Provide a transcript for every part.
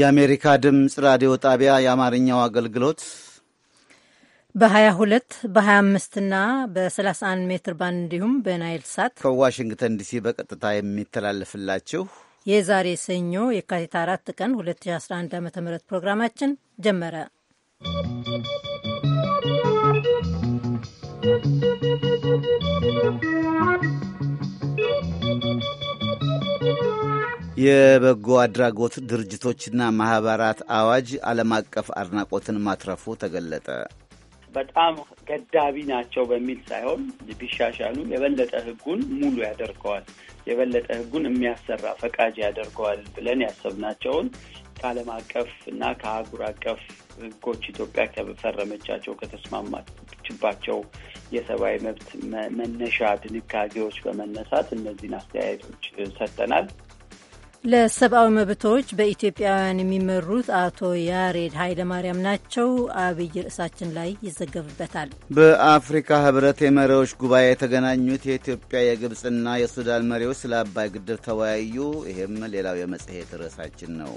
የአሜሪካ ድምፅ ራዲዮ ጣቢያ የአማርኛው አገልግሎት በ22 በ25 እና በ31 ሜትር ባንድ እንዲሁም በናይል ሳት ከዋሽንግተን ዲሲ በቀጥታ የሚተላለፍላችሁ የዛሬ ሰኞ የካቲት 4 ቀን 2011 ዓ ም ፕሮግራማችን ጀመረ። የበጎ አድራጎት ድርጅቶችና ማህበራት አዋጅ ዓለም አቀፍ አድናቆትን ማትረፉ ተገለጠ። በጣም ገዳቢ ናቸው በሚል ሳይሆን ቢሻሻሉ የበለጠ ህጉን ሙሉ ያደርገዋል፣ የበለጠ ህጉን የሚያሰራ ፈቃጅ ያደርገዋል ብለን ያሰብናቸውን ከዓለም አቀፍ እና ከአህጉር አቀፍ ህጎች ኢትዮጵያ ከፈረመቻቸው ከተስማማችባቸው የሰብአዊ መብት መነሻ ድንጋጌዎች በመነሳት እነዚህን አስተያየቶች ሰጥተናል። ለሰብአዊ መብቶች በኢትዮጵያውያን የሚመሩት አቶ ያሬድ ኃይለማርያም ናቸው። አብይ ርዕሳችን ላይ ይዘገብበታል። በአፍሪካ ህብረት የመሪዎች ጉባኤ የተገናኙት የኢትዮጵያ የግብፅና የሱዳን መሪዎች ስለ አባይ ግድብ ተወያዩ። ይህም ሌላው የመጽሔት ርዕሳችን ነው።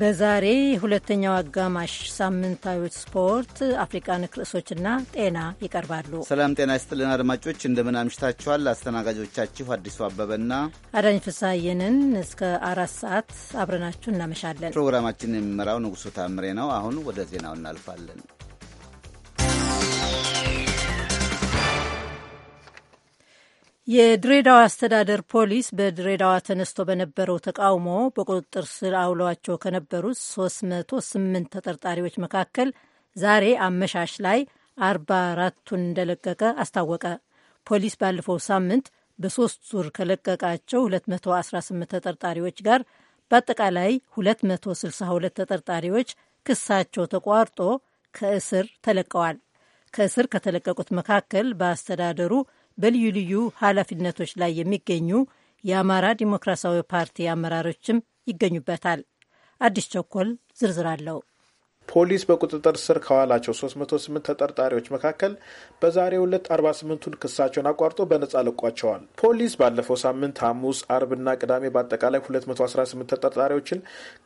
በዛሬ ሁለተኛው አጋማሽ ሳምንታዊ ስፖርት፣ አፍሪቃ ነክ ርዕሶችና ጤና ይቀርባሉ። ሰላም ጤና ይስጥልን አድማጮች፣ እንደምን አምሽታችኋል። አስተናጋጆቻችሁ አዲሱ አበበና አዳኝ ፍሳየንን እስከ አራት ሰዓት አብረናችሁ እናመሻለን። ፕሮግራማችን የሚመራው ንጉሱ ታምሬ ነው። አሁን ወደ ዜናው እናልፋለን። የድሬዳዋ አስተዳደር ፖሊስ በድሬዳዋ ተነስቶ በነበረው ተቃውሞ በቁጥጥር ስር አውሏቸው ከነበሩት 308 ተጠርጣሪዎች መካከል ዛሬ አመሻሽ ላይ 44ቱን እንደለቀቀ አስታወቀ። ፖሊስ ባለፈው ሳምንት በሶስት ዙር ከለቀቃቸው 218 ተጠርጣሪዎች ጋር በአጠቃላይ 262 ተጠርጣሪዎች ክሳቸው ተቋርጦ ከእስር ተለቀዋል። ከእስር ከተለቀቁት መካከል በአስተዳደሩ በልዩ ልዩ ኃላፊነቶች ላይ የሚገኙ የአማራ ዲሞክራሲያዊ ፓርቲ አመራሮችም ይገኙበታል። አዲስ ቸኮል ዝርዝር አለው። ፖሊስ በቁጥጥር ስር ከዋላቸው 308 ተጠርጣሪዎች መካከል በዛሬው ዕለት 48ቱን ክሳቸውን አቋርጦ በነጻ ለቋቸዋል። ፖሊስ ባለፈው ሳምንት ሐሙስ፣ አርብና ቅዳሜ በአጠቃላይ 218 ተጠርጣሪዎችን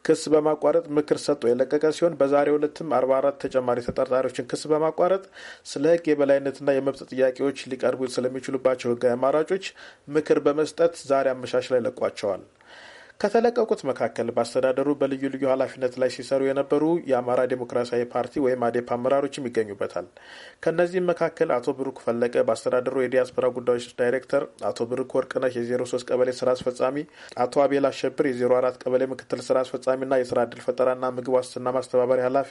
ክስ በማቋረጥ ምክር ሰጥቶ የለቀቀ ሲሆን በዛሬው ዕለትም 44 ተጨማሪ ተጠርጣሪዎችን ክስ በማቋረጥ ስለ ሕግ የበላይነትና የመብት ጥያቄዎች ሊቀርቡ ስለሚችሉባቸው ሕጋዊ አማራጮች ምክር በመስጠት ዛሬ አመሻሽ ላይ ለቋቸዋል። ከተለቀቁት መካከል በአስተዳደሩ በልዩ ልዩ ኃላፊነት ላይ ሲሰሩ የነበሩ የአማራ ዴሞክራሲያዊ ፓርቲ ወይም አዴፓ አመራሮችም ይገኙበታል። ከእነዚህም መካከል አቶ ብሩክ ፈለቀ በአስተዳደሩ የዲያስፖራ ጉዳዮች ዳይሬክተር፣ አቶ ብሩክ ወርቅነሽ የ03 ቀበሌ ስራ አስፈጻሚ፣ አቶ አቤል አሸብር የ04 ቀበሌ ምክትል ስራ አስፈጻሚና የስራ እድል ፈጠራና ምግብ ዋስትና ማስተባበሪያ ኃላፊ፣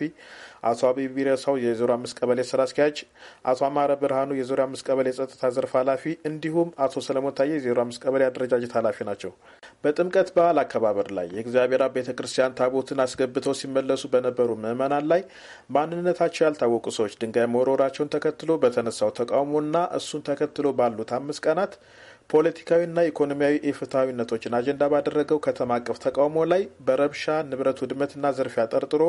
አቶ አብይ ቢረሳው የ05 ቀበሌ ስራ አስኪያጅ፣ አቶ አማረ ብርሃኑ የ05 ቀበሌ የጸጥታ ዘርፍ ኃላፊ እንዲሁም አቶ ሰለሞን ታዬ የ05 ቀበሌ አደረጃጀት ኃላፊ ናቸው። በጥምቀት በዓል አከባበር ላይ የእግዚአብሔር አብ ቤተ ክርስቲያን ታቦትን አስገብተው ሲመለሱ በነበሩ ምዕመናን ላይ ማንነታቸው ያልታወቁ ሰዎች ድንጋይ መወረወራቸውን ተከትሎ በተነሳው ተቃውሞና እሱን ተከትሎ ባሉት አምስት ቀናት ፖለቲካዊና ኢኮኖሚያዊ ኢፍትሐዊነቶችን አጀንዳ ባደረገው ከተማ አቀፍ ተቃውሞ ላይ በረብሻ ንብረት ውድመትና ዘርፊያ ጠርጥሮ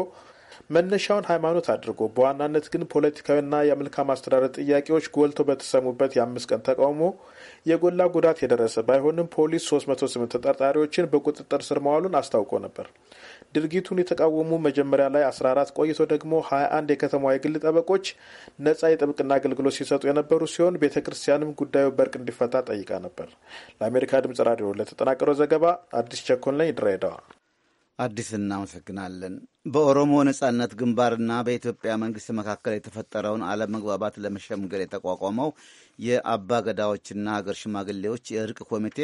መነሻውን ሃይማኖት አድርጎ በዋናነት ግን ፖለቲካዊና የመልካም አስተዳደር ጥያቄዎች ጎልቶ በተሰሙበት የአምስት ቀን ተቃውሞ የጎላ ጉዳት የደረሰ ባይሆንም ፖሊስ 308 ተጠርጣሪዎችን በቁጥጥር ስር መዋሉን አስታውቆ ነበር። ድርጊቱን የተቃወሙ መጀመሪያ ላይ 14 ቆይቶ ደግሞ 21 የከተማዋ የግል ጠበቆች ነጻ የጥብቅና አገልግሎት ሲሰጡ የነበሩ ሲሆን ቤተ ክርስቲያንም ጉዳዩ በርቅ እንዲፈታ ጠይቃ ነበር። ለአሜሪካ ድምጽ ራዲዮ ለተጠናቀረው ዘገባ አዲስ ቸኮል ነኝ ድሬዳዋ። አዲስ እናመሰግናለን። በኦሮሞ ነጻነት ግንባርና በኢትዮጵያ መንግስት መካከል የተፈጠረውን አለመግባባት ለመሸምገል የተቋቋመው የአባ ገዳዎችና ሀገር ሽማግሌዎች የእርቅ ኮሚቴ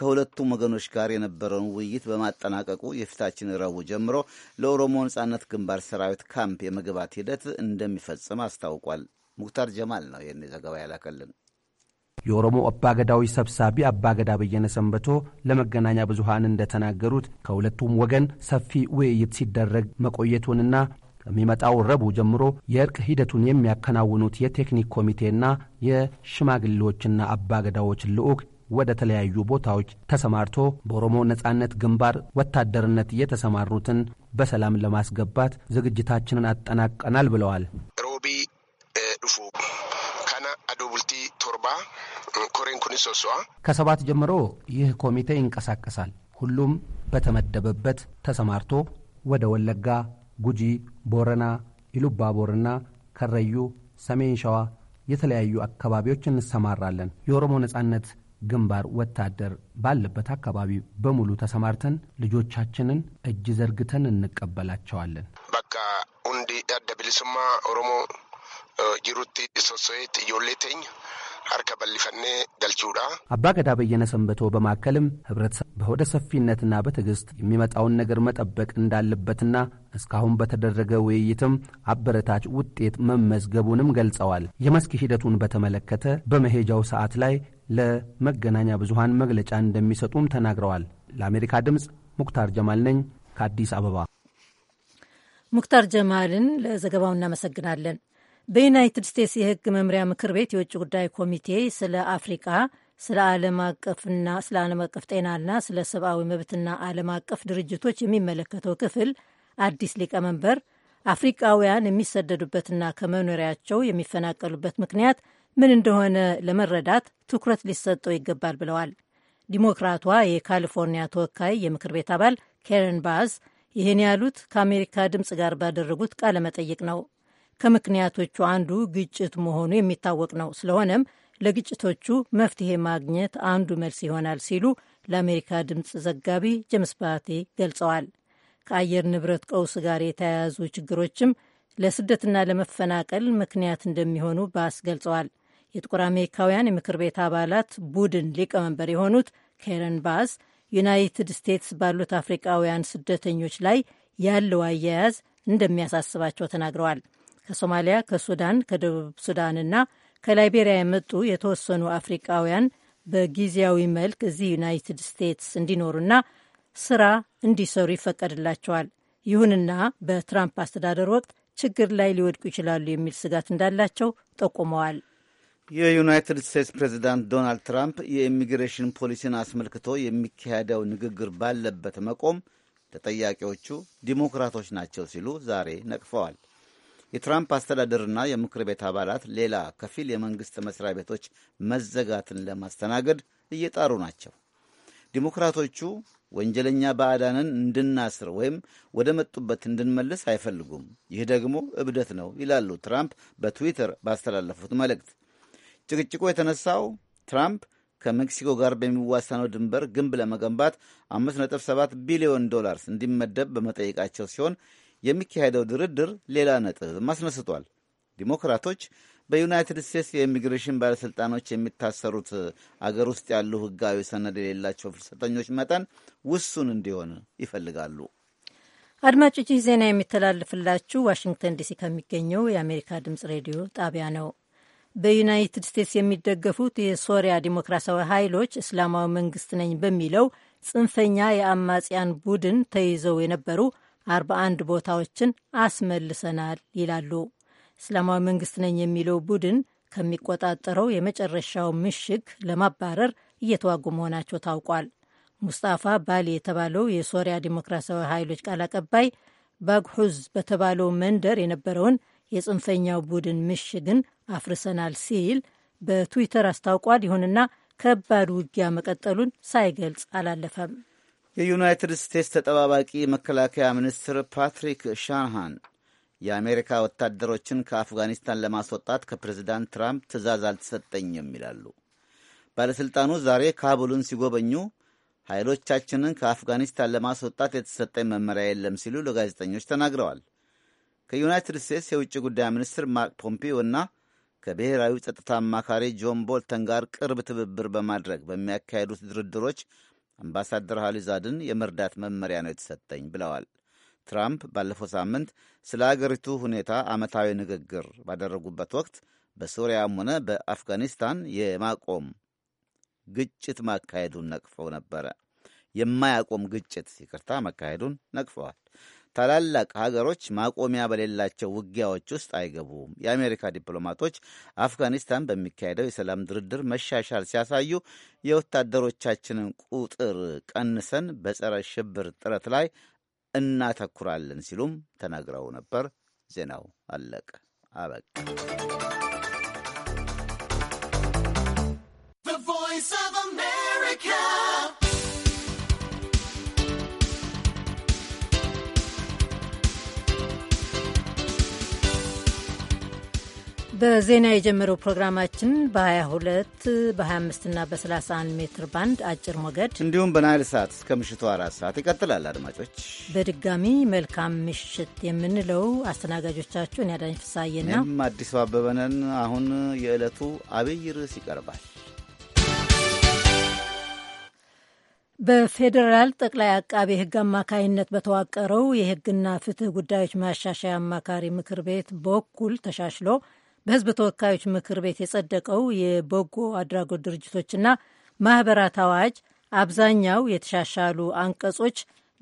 ከሁለቱም ወገኖች ጋር የነበረውን ውይይት በማጠናቀቁ የፊታችን ረቡዕ ጀምሮ ለኦሮሞ ነጻነት ግንባር ሰራዊት ካምፕ የመግባት ሂደት እንደሚፈጽም አስታውቋል። ሙክታር ጀማል ነው ይህን ዘገባ ያላከልን። የኦሮሞ አባገዳዊ ሰብሳቢ አባገዳ በየነ ሰንበቶ ለመገናኛ ብዙሃን እንደተናገሩት ከሁለቱም ወገን ሰፊ ውይይት ሲደረግ መቆየቱንና ከሚመጣው ረቡዕ ጀምሮ የእርቅ ሂደቱን የሚያከናውኑት የቴክኒክ ኮሚቴና የሽማግሌዎችና አባገዳዎች ልዑክ ወደ ተለያዩ ቦታዎች ተሰማርቶ በኦሮሞ ነጻነት ግንባር ወታደርነት የተሰማሩትን በሰላም ለማስገባት ዝግጅታችንን አጠናቀናል ብለዋል። ሮቢ አዶ ቡልቲ ቶርባ ኮሬን ኩኒ ሶሶዋ ከሰባት ጀምሮ ይህ ኮሚቴ ይንቀሳቀሳል። ሁሉም በተመደበበት ተሰማርቶ ወደ ወለጋ፣ ጉጂ፣ ቦረና፣ ኢሉባ ቦርና፣ ከረዩ፣ ሰሜን ሸዋ የተለያዩ አካባቢዎች እንሰማራለን። የኦሮሞ ነጻነት ግንባር ወታደር ባለበት አካባቢ በሙሉ ተሰማርተን ልጆቻችንን እጅ ዘርግተን እንቀበላቸዋለን። በቃ ኡንዲ ያደብልስማ ኦሮሞ jirutti ሶሶት ijoollee teenya harka bal'ifannee galchuudha። አባ ገዳ በየነ ሰንበቶ በማከልም ህብረተሰብ በሆደ ሰፊነትና በትዕግስት የሚመጣውን ነገር መጠበቅ እንዳለበትና እስካሁን በተደረገ ውይይትም አበረታች ውጤት መመዝገቡንም ገልጸዋል። የመስክ ሂደቱን በተመለከተ በመሄጃው ሰዓት ላይ ለመገናኛ ብዙሃን መግለጫ እንደሚሰጡም ተናግረዋል። ለአሜሪካ ድምፅ ሙክታር ጀማል ነኝ ከአዲስ አበባ። ሙክታር ጀማልን ለዘገባው እናመሰግናለን። በዩናይትድ ስቴትስ የህግ መምሪያ ምክር ቤት የውጭ ጉዳይ ኮሚቴ ስለ አፍሪቃ ስለ ዓለም አቀፍና ስለ ዓለም አቀፍ ጤናና ስለ ሰብአዊ መብትና ዓለም አቀፍ ድርጅቶች የሚመለከተው ክፍል አዲስ ሊቀመንበር አፍሪቃውያን የሚሰደዱበትና ከመኖሪያቸው የሚፈናቀሉበት ምክንያት ምን እንደሆነ ለመረዳት ትኩረት ሊሰጠው ይገባል ብለዋል። ዲሞክራቷ የካሊፎርኒያ ተወካይ የምክር ቤት አባል ኬረን ባዝ ይህን ያሉት ከአሜሪካ ድምፅ ጋር ባደረጉት ቃለ መጠይቅ ነው። ከምክንያቶቹ አንዱ ግጭት መሆኑ የሚታወቅ ነው። ስለሆነም ለግጭቶቹ መፍትሄ ማግኘት አንዱ መልስ ይሆናል ሲሉ ለአሜሪካ ድምፅ ዘጋቢ ጀምስ ባቲ ገልጸዋል። ከአየር ንብረት ቀውስ ጋር የተያያዙ ችግሮችም ለስደትና ለመፈናቀል ምክንያት እንደሚሆኑ ባስ ገልጸዋል። የጥቁር አሜሪካውያን የምክር ቤት አባላት ቡድን ሊቀመንበር የሆኑት ኬረን ባስ ዩናይትድ ስቴትስ ባሉት አፍሪቃውያን ስደተኞች ላይ ያለው አያያዝ እንደሚያሳስባቸው ተናግረዋል። ከሶማሊያ፣ ከሱዳን፣ ከደቡብ ሱዳንና ከላይቤሪያ የመጡ የተወሰኑ አፍሪቃውያን በጊዜያዊ መልክ እዚህ ዩናይትድ ስቴትስ እንዲኖሩና ስራ እንዲሰሩ ይፈቀድላቸዋል። ይሁንና በትራምፕ አስተዳደር ወቅት ችግር ላይ ሊወድቁ ይችላሉ የሚል ስጋት እንዳላቸው ጠቁመዋል። የዩናይትድ ስቴትስ ፕሬዚዳንት ዶናልድ ትራምፕ የኢሚግሬሽን ፖሊሲን አስመልክቶ የሚካሄደው ንግግር ባለበት መቆም ተጠያቂዎቹ ዲሞክራቶች ናቸው ሲሉ ዛሬ ነቅፈዋል። የትራምፕ አስተዳደርና የምክር ቤት አባላት ሌላ ከፊል የመንግሥት መስሪያ ቤቶች መዘጋትን ለማስተናገድ እየጣሩ ናቸው። ዲሞክራቶቹ ወንጀለኛ ባዕዳንን እንድናስር ወይም ወደ መጡበት እንድንመልስ አይፈልጉም። ይህ ደግሞ እብደት ነው ይላሉ ትራምፕ በትዊተር ባስተላለፉት መልእክት። ጭቅጭቁ የተነሳው ትራምፕ ከሜክሲኮ ጋር በሚዋሰነው ድንበር ግንብ ለመገንባት 5.7 ቢሊዮን ዶላርስ እንዲመደብ በመጠየቃቸው ሲሆን የሚካሄደው ድርድር ሌላ ነጥብም አስነስቷል። ዲሞክራቶች በዩናይትድ ስቴትስ የኢሚግሬሽን ባለሥልጣኖች የሚታሰሩት አገር ውስጥ ያሉ ሕጋዊ ሰነድ የሌላቸው ፍልሰተኞች መጠን ውሱን እንዲሆን ይፈልጋሉ። አድማጮች፣ ይህ ዜና የሚተላልፍላችሁ ዋሽንግተን ዲሲ ከሚገኘው የአሜሪካ ድምፅ ሬዲዮ ጣቢያ ነው። በዩናይትድ ስቴትስ የሚደገፉት የሶሪያ ዲሞክራሲያዊ ኃይሎች እስላማዊ መንግስት ነኝ በሚለው ጽንፈኛ የአማጽያን ቡድን ተይዘው የነበሩ 41 ቦታዎችን አስመልሰናል ይላሉ። እስላማዊ መንግስት ነኝ የሚለው ቡድን ከሚቆጣጠረው የመጨረሻው ምሽግ ለማባረር እየተዋጉ መሆናቸው ታውቋል። ሙስጣፋ ባሊ የተባለው የሶሪያ ዲሞክራሲያዊ ኃይሎች ቃል አቀባይ ባግሑዝ በተባለው መንደር የነበረውን የጽንፈኛው ቡድን ምሽግን አፍርሰናል ሲል በትዊተር አስታውቋል። ይሁንና ከባድ ውጊያ መቀጠሉን ሳይገልጽ አላለፈም። የዩናይትድ ስቴትስ ተጠባባቂ መከላከያ ሚኒስትር ፓትሪክ ሻንሃን የአሜሪካ ወታደሮችን ከአፍጋኒስታን ለማስወጣት ከፕሬዝዳንት ትራምፕ ትዕዛዝ አልተሰጠኝም ይላሉ። ባለሥልጣኑ ዛሬ ካቡልን ሲጎበኙ ኃይሎቻችንን ከአፍጋኒስታን ለማስወጣት የተሰጠኝ መመሪያ የለም ሲሉ ለጋዜጠኞች ተናግረዋል። ከዩናይትድ ስቴትስ የውጭ ጉዳይ ሚኒስትር ማርክ ፖምፒዮ እና ከብሔራዊ ጸጥታ አማካሪ ጆን ቦልተን ጋር ቅርብ ትብብር በማድረግ በሚያካሄዱት ድርድሮች አምባሳደር ሃሊዛድን የመርዳት መመሪያ ነው የተሰጠኝ ብለዋል። ትራምፕ ባለፈው ሳምንት ስለ አገሪቱ ሁኔታ ዓመታዊ ንግግር ባደረጉበት ወቅት በሶሪያም ሆነ በአፍጋኒስታን የማቆም ግጭት ማካሄዱን ነቅፈው ነበረ። የማያቆም ግጭት ይቅርታ፣ መካሄዱን ነቅፈዋል። ታላላቅ ሀገሮች ማቆሚያ በሌላቸው ውጊያዎች ውስጥ አይገቡም። የአሜሪካ ዲፕሎማቶች አፍጋኒስታን በሚካሄደው የሰላም ድርድር መሻሻል ሲያሳዩ የወታደሮቻችንን ቁጥር ቀንሰን በጸረ ሽብር ጥረት ላይ እናተኩራለን ሲሉም ተናግረው ነበር። ዜናው አለቀ አበቃ። በዜና የጀመረው ፕሮግራማችን በ22 በ25 እና በ31 ሜትር ባንድ አጭር ሞገድ እንዲሁም በናይል ሰዓት እስከ ምሽቱ አራት ሰዓት ይቀጥላል። አድማጮች በድጋሚ መልካም ምሽት የምንለው አስተናጋጆቻችሁን ያዳኝ ፍሳዬና እኔም አዲሱ አበበነን። አሁን የዕለቱ አብይ ርዕስ ይቀርባል። በፌዴራል ጠቅላይ አቃቤ ሕግ አማካይነት በተዋቀረው የሕግና ፍትህ ጉዳዮች ማሻሻያ አማካሪ ምክር ቤት በኩል ተሻሽሎ በህዝብ ተወካዮች ምክር ቤት የጸደቀው የበጎ አድራጎት ድርጅቶችና ማኅበራት አዋጅ አብዛኛው የተሻሻሉ አንቀጾች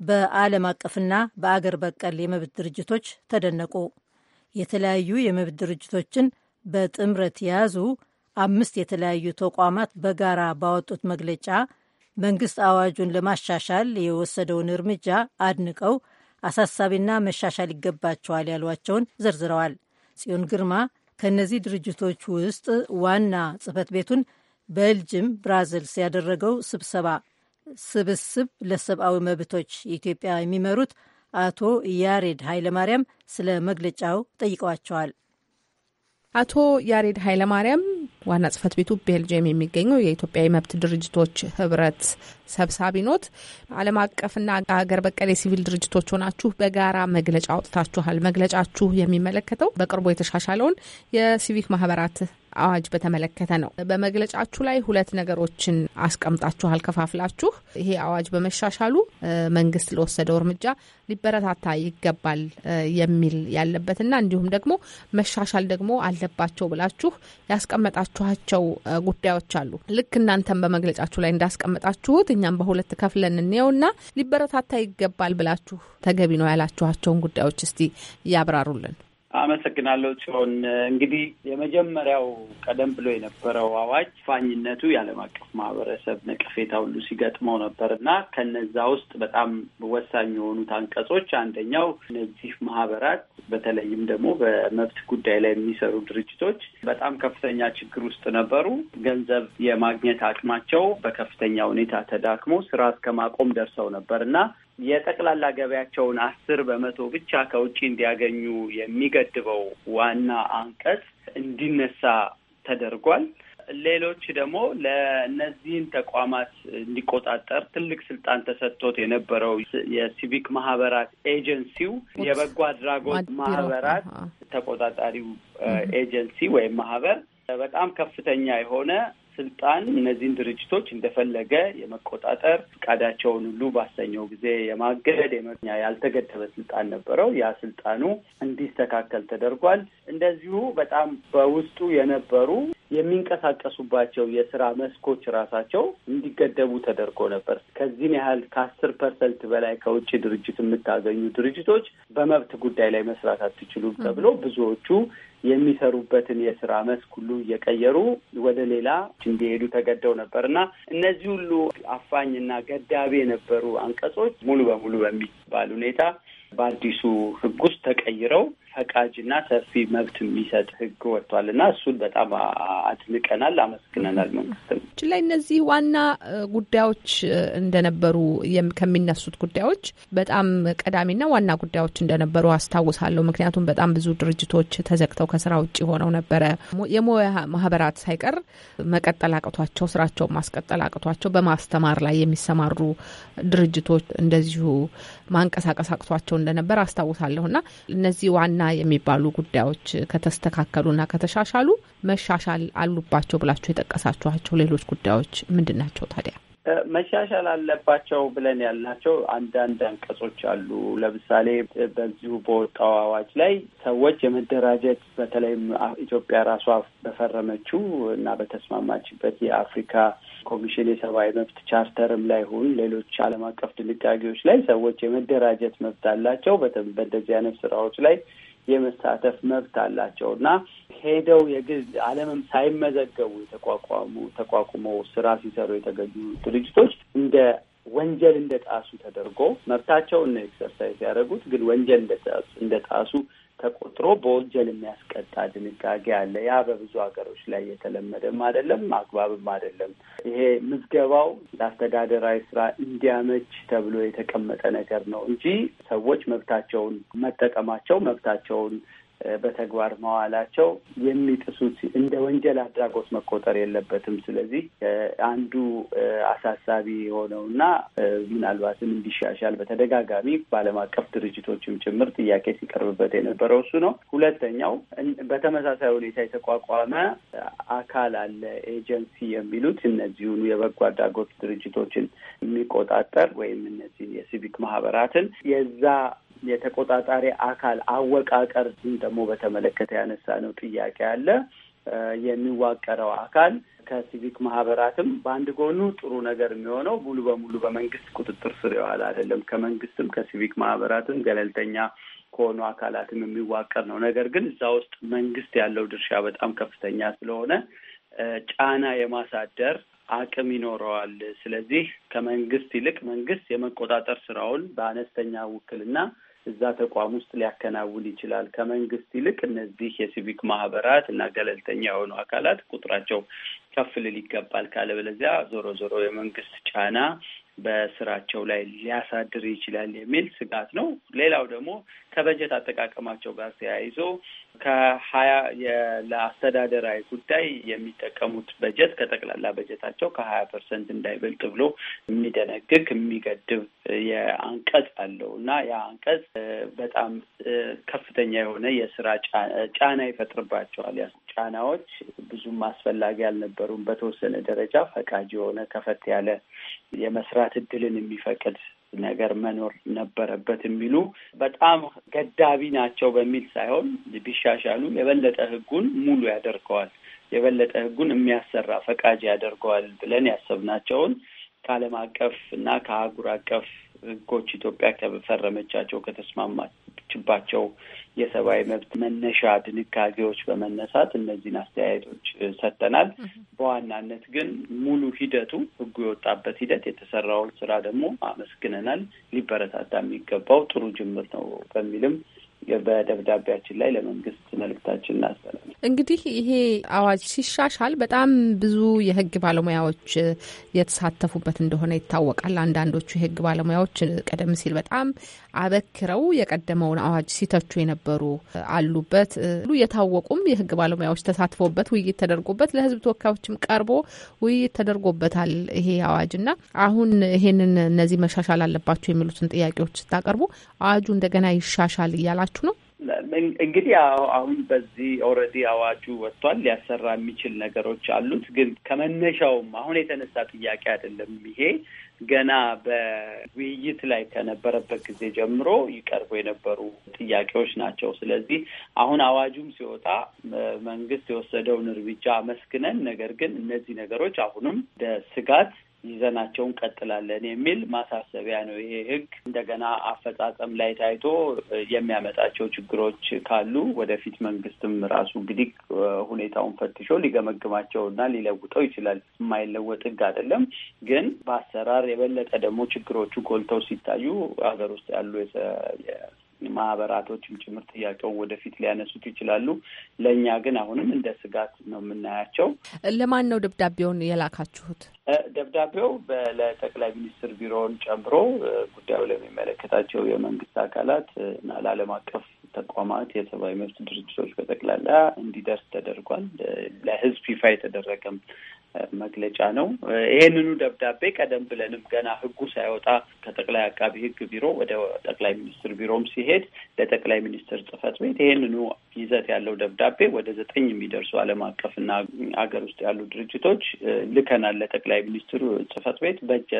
በዓለም አቀፍና በአገር በቀል የመብት ድርጅቶች ተደነቁ። የተለያዩ የመብት ድርጅቶችን በጥምረት የያዙ አምስት የተለያዩ ተቋማት በጋራ ባወጡት መግለጫ መንግስት አዋጁን ለማሻሻል የወሰደውን እርምጃ አድንቀው አሳሳቢና መሻሻል ይገባቸዋል ያሏቸውን ዘርዝረዋል። ጽዮን ግርማ ከእነዚህ ድርጅቶች ውስጥ ዋና ጽህፈት ቤቱን በልጅም ብራዘልስ ያደረገው ስብሰባ ስብስብ ለሰብአዊ መብቶች ኢትዮጵያ የሚመሩት አቶ ያሬድ ኃይለማርያም ስለ መግለጫው ጠይቀዋቸዋል። አቶ ያሬድ ኃይለማርያም ዋና ጽህፈት ቤቱ ቤልጅየም የሚገኘው የኢትዮጵያ የመብት ድርጅቶች ህብረት ሰብሳቢ ኖት። ዓለም አቀፍና ሀገር በቀል የሲቪል ድርጅቶች ሆናችሁ በጋራ መግለጫ አውጥታችኋል። መግለጫችሁ የሚመለከተው በቅርቡ የተሻሻለውን የሲቪክ ማህበራት አዋጅ በተመለከተ ነው። በመግለጫችሁ ላይ ሁለት ነገሮችን አስቀምጣችኋል ከፋፍላችሁ። ይሄ አዋጅ በመሻሻሉ መንግስት ለወሰደው እርምጃ ሊበረታታ ይገባል የሚል ያለበትና እንዲሁም ደግሞ መሻሻል ደግሞ አለባቸው ብላችሁ ያስቀመጣችኋቸው ጉዳዮች አሉ። ልክ እናንተም በመግለጫችሁ ላይ እንዳስቀመጣችሁት እኛም በሁለት ከፍለን እንየውና ሊበረታታ ይገባል ብላችሁ ተገቢ ነው ያላችኋቸውን ጉዳዮች እስቲ ያብራሩልን። አመሰግናለሁ ሲሆን እንግዲህ የመጀመሪያው ቀደም ብሎ የነበረው አዋጅ ፋኝነቱ የዓለም አቀፍ ማህበረሰብ ነቀፌታ ሁሉ ሲገጥመው ነበር እና ከነዛ ውስጥ በጣም ወሳኝ የሆኑት አንቀጾች አንደኛው እነዚህ ማህበራት በተለይም ደግሞ በመብት ጉዳይ ላይ የሚሰሩ ድርጅቶች በጣም ከፍተኛ ችግር ውስጥ ነበሩ። ገንዘብ የማግኘት አቅማቸው በከፍተኛ ሁኔታ ተዳክሞ ስራ እስከ ማቆም ደርሰው ነበር እና የጠቅላላ ገበያቸውን አስር በመቶ ብቻ ከውጭ እንዲያገኙ የሚገድበው ዋና አንቀጽ እንዲነሳ ተደርጓል። ሌሎች ደግሞ ለእነዚህን ተቋማት እንዲቆጣጠር ትልቅ ስልጣን ተሰጥቶት የነበረው የሲቪክ ማህበራት ኤጀንሲው የበጎ አድራጎት ማህበራት ተቆጣጣሪው ኤጀንሲ ወይም ማህበር በጣም ከፍተኛ የሆነ ስልጣን እነዚህን ድርጅቶች እንደፈለገ የመቆጣጠር ፍቃዳቸውን ሁሉ ባሰኘው ጊዜ የማገድ ያልተገደበ ስልጣን ነበረው። ያ ስልጣኑ እንዲስተካከል ተደርጓል። እንደዚሁ በጣም በውስጡ የነበሩ የሚንቀሳቀሱባቸው የስራ መስኮች ራሳቸው እንዲገደቡ ተደርጎ ነበር። ከዚህም ያህል ከአስር ፐርሰንት በላይ ከውጭ ድርጅት የምታገኙ ድርጅቶች በመብት ጉዳይ ላይ መስራት አትችሉም ተብሎ ብዙዎቹ የሚሰሩበትን የስራ መስክ ሁሉ እየቀየሩ ወደ ሌላ እንዲሄዱ ተገደው ነበር እና እነዚህ ሁሉ አፋኝና ገዳቢ የነበሩ አንቀጾች ሙሉ በሙሉ በሚባል ሁኔታ በአዲሱ ሕግ ውስጥ ተቀይረው እና ሰፊ መብት የሚሰጥ ህግ ወጥቷል እና እሱን በጣም አድንቀናል፣ አመስግነናል። መንግስትም ላይ እነዚህ ዋና ጉዳዮች እንደነበሩ ከሚነሱት ጉዳዮች በጣም ቀዳሚና ዋና ጉዳዮች እንደነበሩ አስታውሳለሁ። ምክንያቱም በጣም ብዙ ድርጅቶች ተዘግተው ከስራ ውጭ ሆነው ነበረ። የሙያ ማህበራት ሳይቀር መቀጠል አቅቷቸው ስራቸውን ማስቀጠል አቅቷቸው በማስተማር ላይ የሚሰማሩ ድርጅቶች እንደዚሁ ማንቀሳቀስ አቅቷቸው እንደነበር አስታውሳለሁ እና እነዚህ ዋና የሚባሉ ጉዳዮች ከተስተካከሉና ከተሻሻሉ መሻሻል አሉባቸው ብላችሁ የጠቀሳችኋቸው ሌሎች ጉዳዮች ምንድን ናቸው ታዲያ? መሻሻል አለባቸው ብለን ያልናቸው አንዳንድ አንቀጾች አሉ። ለምሳሌ በዚሁ በወጣው አዋጅ ላይ ሰዎች የመደራጀት በተለይም ኢትዮጵያ ራሷ በፈረመችው እና በተስማማችበት የአፍሪካ ኮሚሽን የሰብአዊ መብት ቻርተርም ላይ ሁን ሌሎች ዓለም አቀፍ ድንጋጌዎች ላይ ሰዎች የመደራጀት መብት አላቸው በእንደዚህ አይነት ስራዎች ላይ የመሳተፍ መብት አላቸው እና ሄደው የግዝ ዓለምም ሳይመዘገቡ የተቋቋሙ ተቋቁመው ስራ ሲሰሩ የተገኙ ድርጅቶች እንደ ወንጀል እንደ ጣሱ ተደርጎ መብታቸውን ነው ኤክሰርሳይዝ ያደረጉት፣ ግን ወንጀል እንደ ጣሱ ተቆጥሮ በወንጀል የሚያስቀጣ ድንጋጌ አለ። ያ በብዙ ሀገሮች ላይ የተለመደም አይደለም፣ አግባብም አይደለም። ይሄ ምዝገባው ለአስተዳደራዊ ስራ እንዲያመች ተብሎ የተቀመጠ ነገር ነው እንጂ ሰዎች መብታቸውን መጠቀማቸው መብታቸውን በተግባር መዋላቸው የሚጥሱት እንደ ወንጀል አድራጎት መቆጠር የለበትም። ስለዚህ አንዱ አሳሳቢ የሆነውና ምናልባትም እንዲሻሻል በተደጋጋሚ በዓለም አቀፍ ድርጅቶችም ጭምር ጥያቄ ሲቀርብበት የነበረው እሱ ነው። ሁለተኛው በተመሳሳይ ሁኔታ የተቋቋመ አካል አለ፣ ኤጀንሲ የሚሉት እነዚሁኑ የበጎ አድራጎት ድርጅቶችን የሚቆጣጠር ወይም እነዚህን የሲቪክ ማህበራትን የዛ የተቆጣጣሪ አካል አወቃቀር ደግሞ በተመለከተ ያነሳነው ጥያቄ አለ። የሚዋቀረው አካል ከሲቪክ ማህበራትም በአንድ ጎኑ ጥሩ ነገር የሚሆነው ሙሉ በሙሉ በመንግስት ቁጥጥር ስር የዋለ አይደለም። ከመንግስትም ከሲቪክ ማህበራትም ገለልተኛ ከሆኑ አካላትም የሚዋቀር ነው። ነገር ግን እዛ ውስጥ መንግስት ያለው ድርሻ በጣም ከፍተኛ ስለሆነ ጫና የማሳደር አቅም ይኖረዋል። ስለዚህ ከመንግስት ይልቅ መንግስት የመቆጣጠር ስራውን በአነስተኛ ውክልና እዛ ተቋም ውስጥ ሊያከናውን ይችላል። ከመንግስት ይልቅ እነዚህ የሲቪክ ማህበራት እና ገለልተኛ የሆኑ አካላት ቁጥራቸው ከፍ ሊል ይገባል። ካለበለዚያ ዞሮ ዞሮ የመንግስት ጫና በስራቸው ላይ ሊያሳድር ይችላል የሚል ስጋት ነው። ሌላው ደግሞ ከበጀት አጠቃቀማቸው ጋር ተያይዞ ከሀያ ለአስተዳደራዊ ጉዳይ የሚጠቀሙት በጀት ከጠቅላላ በጀታቸው ከሀያ ፐርሰንት እንዳይበልጥ ብሎ የሚደነግግ የሚገድብ የአንቀጽ አለው እና ያ አንቀጽ በጣም ከፍተኛ የሆነ የስራ ጫና ይፈጥርባቸዋል። ጫናዎች ብዙም አስፈላጊ አልነበሩም። በተወሰነ ደረጃ ፈቃጅ የሆነ ከፈት ያለ የመስራት እድልን የሚፈቅድ ነገር መኖር ነበረበት የሚሉ በጣም ገዳቢ ናቸው በሚል ሳይሆን ቢሻሻሉ የበለጠ ህጉን ሙሉ ያደርገዋል፣ የበለጠ ህጉን የሚያሰራ ፈቃጅ ያደርገዋል ብለን ያሰብናቸውን ከዓለም አቀፍ እና ከአህጉር አቀፍ ህጎች ኢትዮጵያ ከፈረመቻቸው ከተስማማች ከሚችባቸው የሰብአዊ መብት መነሻ ድንጋጌዎች በመነሳት እነዚህን አስተያየቶች ሰጥተናል። በዋናነት ግን ሙሉ ሂደቱ ህጉ የወጣበት ሂደት የተሰራውን ስራ ደግሞ አመስግነናል። ሊበረታታ የሚገባው ጥሩ ጅምር ነው በሚልም በደብዳቤያችን ላይ ለመንግስት መልእክታችን እናስተላል። እንግዲህ ይሄ አዋጅ ሲሻሻል በጣም ብዙ የህግ ባለሙያዎች የተሳተፉበት እንደሆነ ይታወቃል። አንዳንዶቹ የህግ ባለሙያዎች ቀደም ሲል በጣም አበክረው የቀደመውን አዋጅ ሲተቹ የነበሩ አሉበት። የታወቁም የህግ ባለሙያዎች ተሳትፎበት ውይይት ተደርጎበት ለህዝብ ተወካዮችም ቀርቦ ውይይት ተደርጎበታል ይሄ አዋጅ እና አሁን ይሄንን እነዚህ መሻሻል አለባቸው የሚሉትን ጥያቄዎች ስታቀርቡ አዋጁ እንደገና ይሻሻል እያላቸው እያሰራችሁ ነው? እንግዲህ አሁን በዚህ ኦልሬዲ አዋጁ ወጥቷል። ሊያሰራ የሚችል ነገሮች አሉት። ግን ከመነሻውም አሁን የተነሳ ጥያቄ አይደለም ይሄ ገና በውይይት ላይ ከነበረበት ጊዜ ጀምሮ ይቀርቡ የነበሩ ጥያቄዎች ናቸው። ስለዚህ አሁን አዋጁም ሲወጣ መንግስት የወሰደውን እርምጃ አመስግነን፣ ነገር ግን እነዚህ ነገሮች አሁንም እንደ ስጋት ይዘናቸው እንቀጥላለን የሚል ማሳሰቢያ ነው። ይሄ ህግ እንደገና አፈጻጸም ላይ ታይቶ የሚያመጣቸው ችግሮች ካሉ ወደፊት መንግስትም ራሱ እንግዲህ ሁኔታውን ፈትሾ ሊገመግማቸው እና ሊለውጠው ይችላል። የማይለወጥ ህግ አይደለም። ግን በአሰራር የበለጠ ደግሞ ችግሮቹ ጎልተው ሲታዩ ሀገር ውስጥ ያሉ ማህበራቶችም ጭምር ጥያቄውን ወደፊት ሊያነሱት ይችላሉ። ለእኛ ግን አሁንም እንደ ስጋት ነው የምናያቸው። ለማን ነው ደብዳቤውን የላካችሁት? ደብዳቤው ለጠቅላይ ሚኒስትር ቢሮውን ጨምሮ ጉዳዩ ለሚመለከታቸው የመንግስት አካላት እና ለዓለም አቀፍ ተቋማት የሰብአዊ መብት ድርጅቶች በጠቅላላ እንዲደርስ ተደርጓል። ለህዝብ ይፋ የተደረገም መግለጫ ነው። ይሄንኑ ደብዳቤ ቀደም ብለንም ገና ህጉ ሳይወጣ ከጠቅላይ አቃቢ ህግ ቢሮ ወደ ጠቅላይ ሚኒስትር ቢሮም ሲሄድ ለጠቅላይ ሚኒስትር ጽህፈት ቤት ይሄንኑ ይዘት ያለው ደብዳቤ ወደ ዘጠኝ የሚደርሱ ዓለም አቀፍና አገር ውስጥ ያሉ ድርጅቶች ልከናል። ለጠቅላይ ሚኒስትሩ ጽህፈት ቤት በእጅ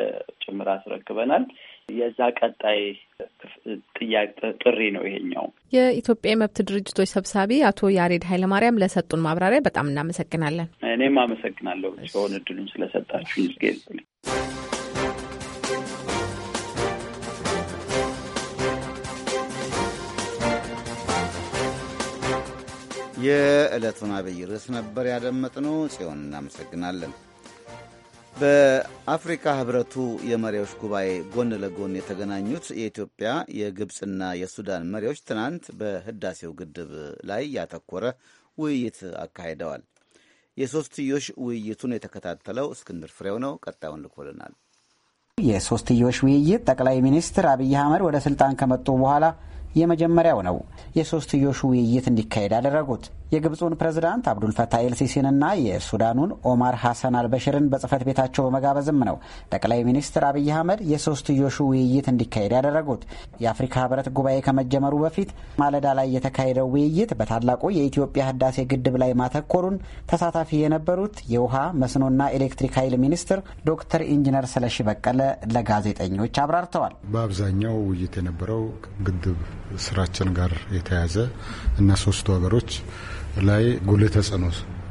ጭምር አስረክበናል። የዛ ቀጣይ ጥያቄ ጥሪ ነው ይሄኛው። የኢትዮጵያ የመብት ድርጅቶች ሰብሳቢ አቶ ያሬድ ኃይለማርያም ለሰጡን ማብራሪያ በጣም እናመሰግናለን። እኔም አመሰግናለሁ ሲሆን እድሉን ስለሰጣችሁ ይዝጌል። የዕለቱን አብይ ርዕስ ነበር ያደመጥነው። ጽዮን እናመሰግናለን። በአፍሪካ ህብረቱ የመሪዎች ጉባኤ ጎን ለጎን የተገናኙት የኢትዮጵያ የግብፅና የሱዳን መሪዎች ትናንት በህዳሴው ግድብ ላይ ያተኮረ ውይይት አካሂደዋል። የሶስትዮሽ ውይይቱን የተከታተለው እስክንድር ፍሬው ነው። ቀጣዩን ልኮልናል። የሶስትዮሽ ውይይት ጠቅላይ ሚኒስትር አብይ አህመድ ወደ ስልጣን ከመጡ በኋላ የመጀመሪያው ነው። የሶስትዮሹ ውይይት እንዲካሄድ ያደረጉት የግብፁን ፕሬዝዳንት አብዱልፈታህ ኤልሲሲንና የሱዳኑን ኦማር ሐሰን አልበሽርን በጽህፈት ቤታቸው በመጋበዝም ነው ጠቅላይ ሚኒስትር አብይ አህመድ የሶስትዮሹ ውይይት እንዲካሄድ ያደረጉት። የአፍሪካ ህብረት ጉባኤ ከመጀመሩ በፊት ማለዳ ላይ የተካሄደው ውይይት በታላቁ የኢትዮጵያ ህዳሴ ግድብ ላይ ማተኮሩን ተሳታፊ የነበሩት የውሃ መስኖና ኤሌክትሪክ ኃይል ሚኒስትር ዶክተር ኢንጂነር ስለሺ በቀለ ለጋዜጠኞች አብራርተዋል። በአብዛኛው ውይይት የነበረው ግድብ ስራችን ጋር የተያዘ እና ሶስቱ ሀገሮች ላይ ጉልህ ተጽዕኖ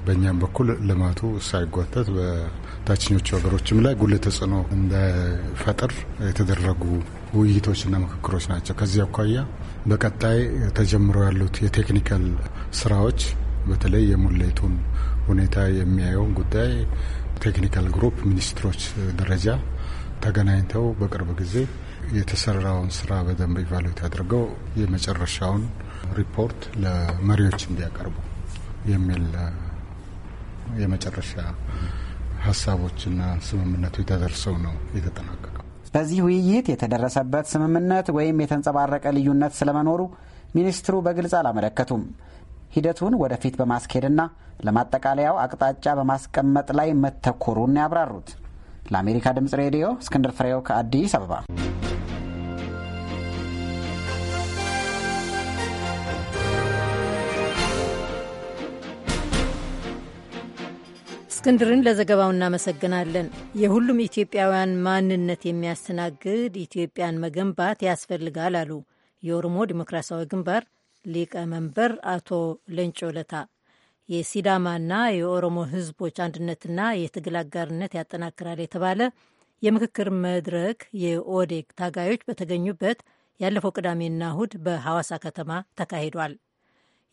በእኛም በኩል ልማቱ ሳይጓተት በታችኞቹ ሀገሮችም ላይ ጉልህ ተጽዕኖ እንዳይፈጥር የተደረጉ ውይይቶችና ምክክሮች ናቸው። ከዚህ አኳያ በቀጣይ ተጀምረው ያሉት የቴክኒካል ስራዎች በተለይ የሙሌቱን ሁኔታ የሚያየውን ጉዳይ ቴክኒካል ግሩፕ ሚኒስትሮች ደረጃ ተገናኝተው በቅርብ ጊዜ የተሰራውን ስራ በደንብ ኢቫሉዌት አድርገው የመጨረሻውን ሪፖርት ለመሪዎች እንዲያቀርቡ የሚል የመጨረሻ ሀሳቦችና ስምምነቱ የተደርሰው ነው የተጠናቀቀው። በዚህ ውይይት የተደረሰበት ስምምነት ወይም የተንጸባረቀ ልዩነት ስለመኖሩ ሚኒስትሩ በግልጽ አላመለከቱም። ሂደቱን ወደፊት በማስኬድና ለማጠቃለያው አቅጣጫ በማስቀመጥ ላይ መተኮሩን ያብራሩት። ለአሜሪካ ድምጽ ሬዲዮ እስክንድር ፍሬው ከአዲስ አበባ እስክንድርን ለዘገባው እናመሰግናለን። የሁሉም ኢትዮጵያውያን ማንነት የሚያስተናግድ ኢትዮጵያን መገንባት ያስፈልጋል አሉ የኦሮሞ ዲሞክራሲያዊ ግንባር ሊቀመንበር አቶ ለንጮ ለታ። የሲዳማና የኦሮሞ ህዝቦች አንድነትና የትግል አጋርነት ያጠናክራል የተባለ የምክክር መድረክ የኦዴግ ታጋዮች በተገኙበት ያለፈው ቅዳሜና እሁድ በሐዋሳ ከተማ ተካሂዷል።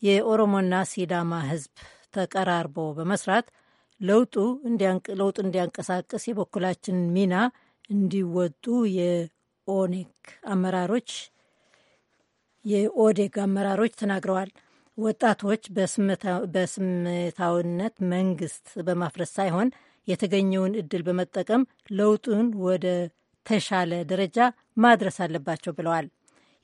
የኦሮሞና ሲዳማ ህዝብ ተቀራርቦ በመስራት ለውጡ ለውጥ እንዲያንቀሳቅስ የበኩላችንን ሚና እንዲወጡ የኦኔክ አመራሮች የኦዴግ አመራሮች ተናግረዋል። ወጣቶች በስሜታዊነት መንግስት በማፍረስ ሳይሆን የተገኘውን እድል በመጠቀም ለውጡን ወደ ተሻለ ደረጃ ማድረስ አለባቸው ብለዋል።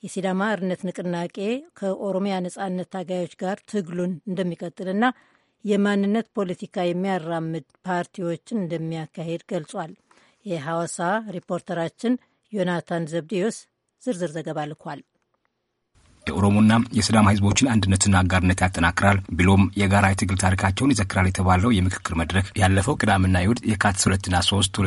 የሲዳማ አርነት ንቅናቄ ከኦሮሚያ ነጻነት ታጋዮች ጋር ትግሉን እንደሚቀጥልና የማንነት ፖለቲካ የሚያራምድ ፓርቲዎችን እንደሚያካሄድ ገልጿል። የሐዋሳ ሪፖርተራችን ዮናታን ዘብዴዎስ ዝርዝር ዘገባ ልኳል። የኦሮሞና የስዳማ ህዝቦችን አንድነትና አጋርነት ያጠናክራል ብሎም የጋራ የትግል ታሪካቸውን ይዘክራል የተባለው የምክክር መድረክ ያለፈው ቅዳምና ይሁድ የካቲት ሁለትና ሶስት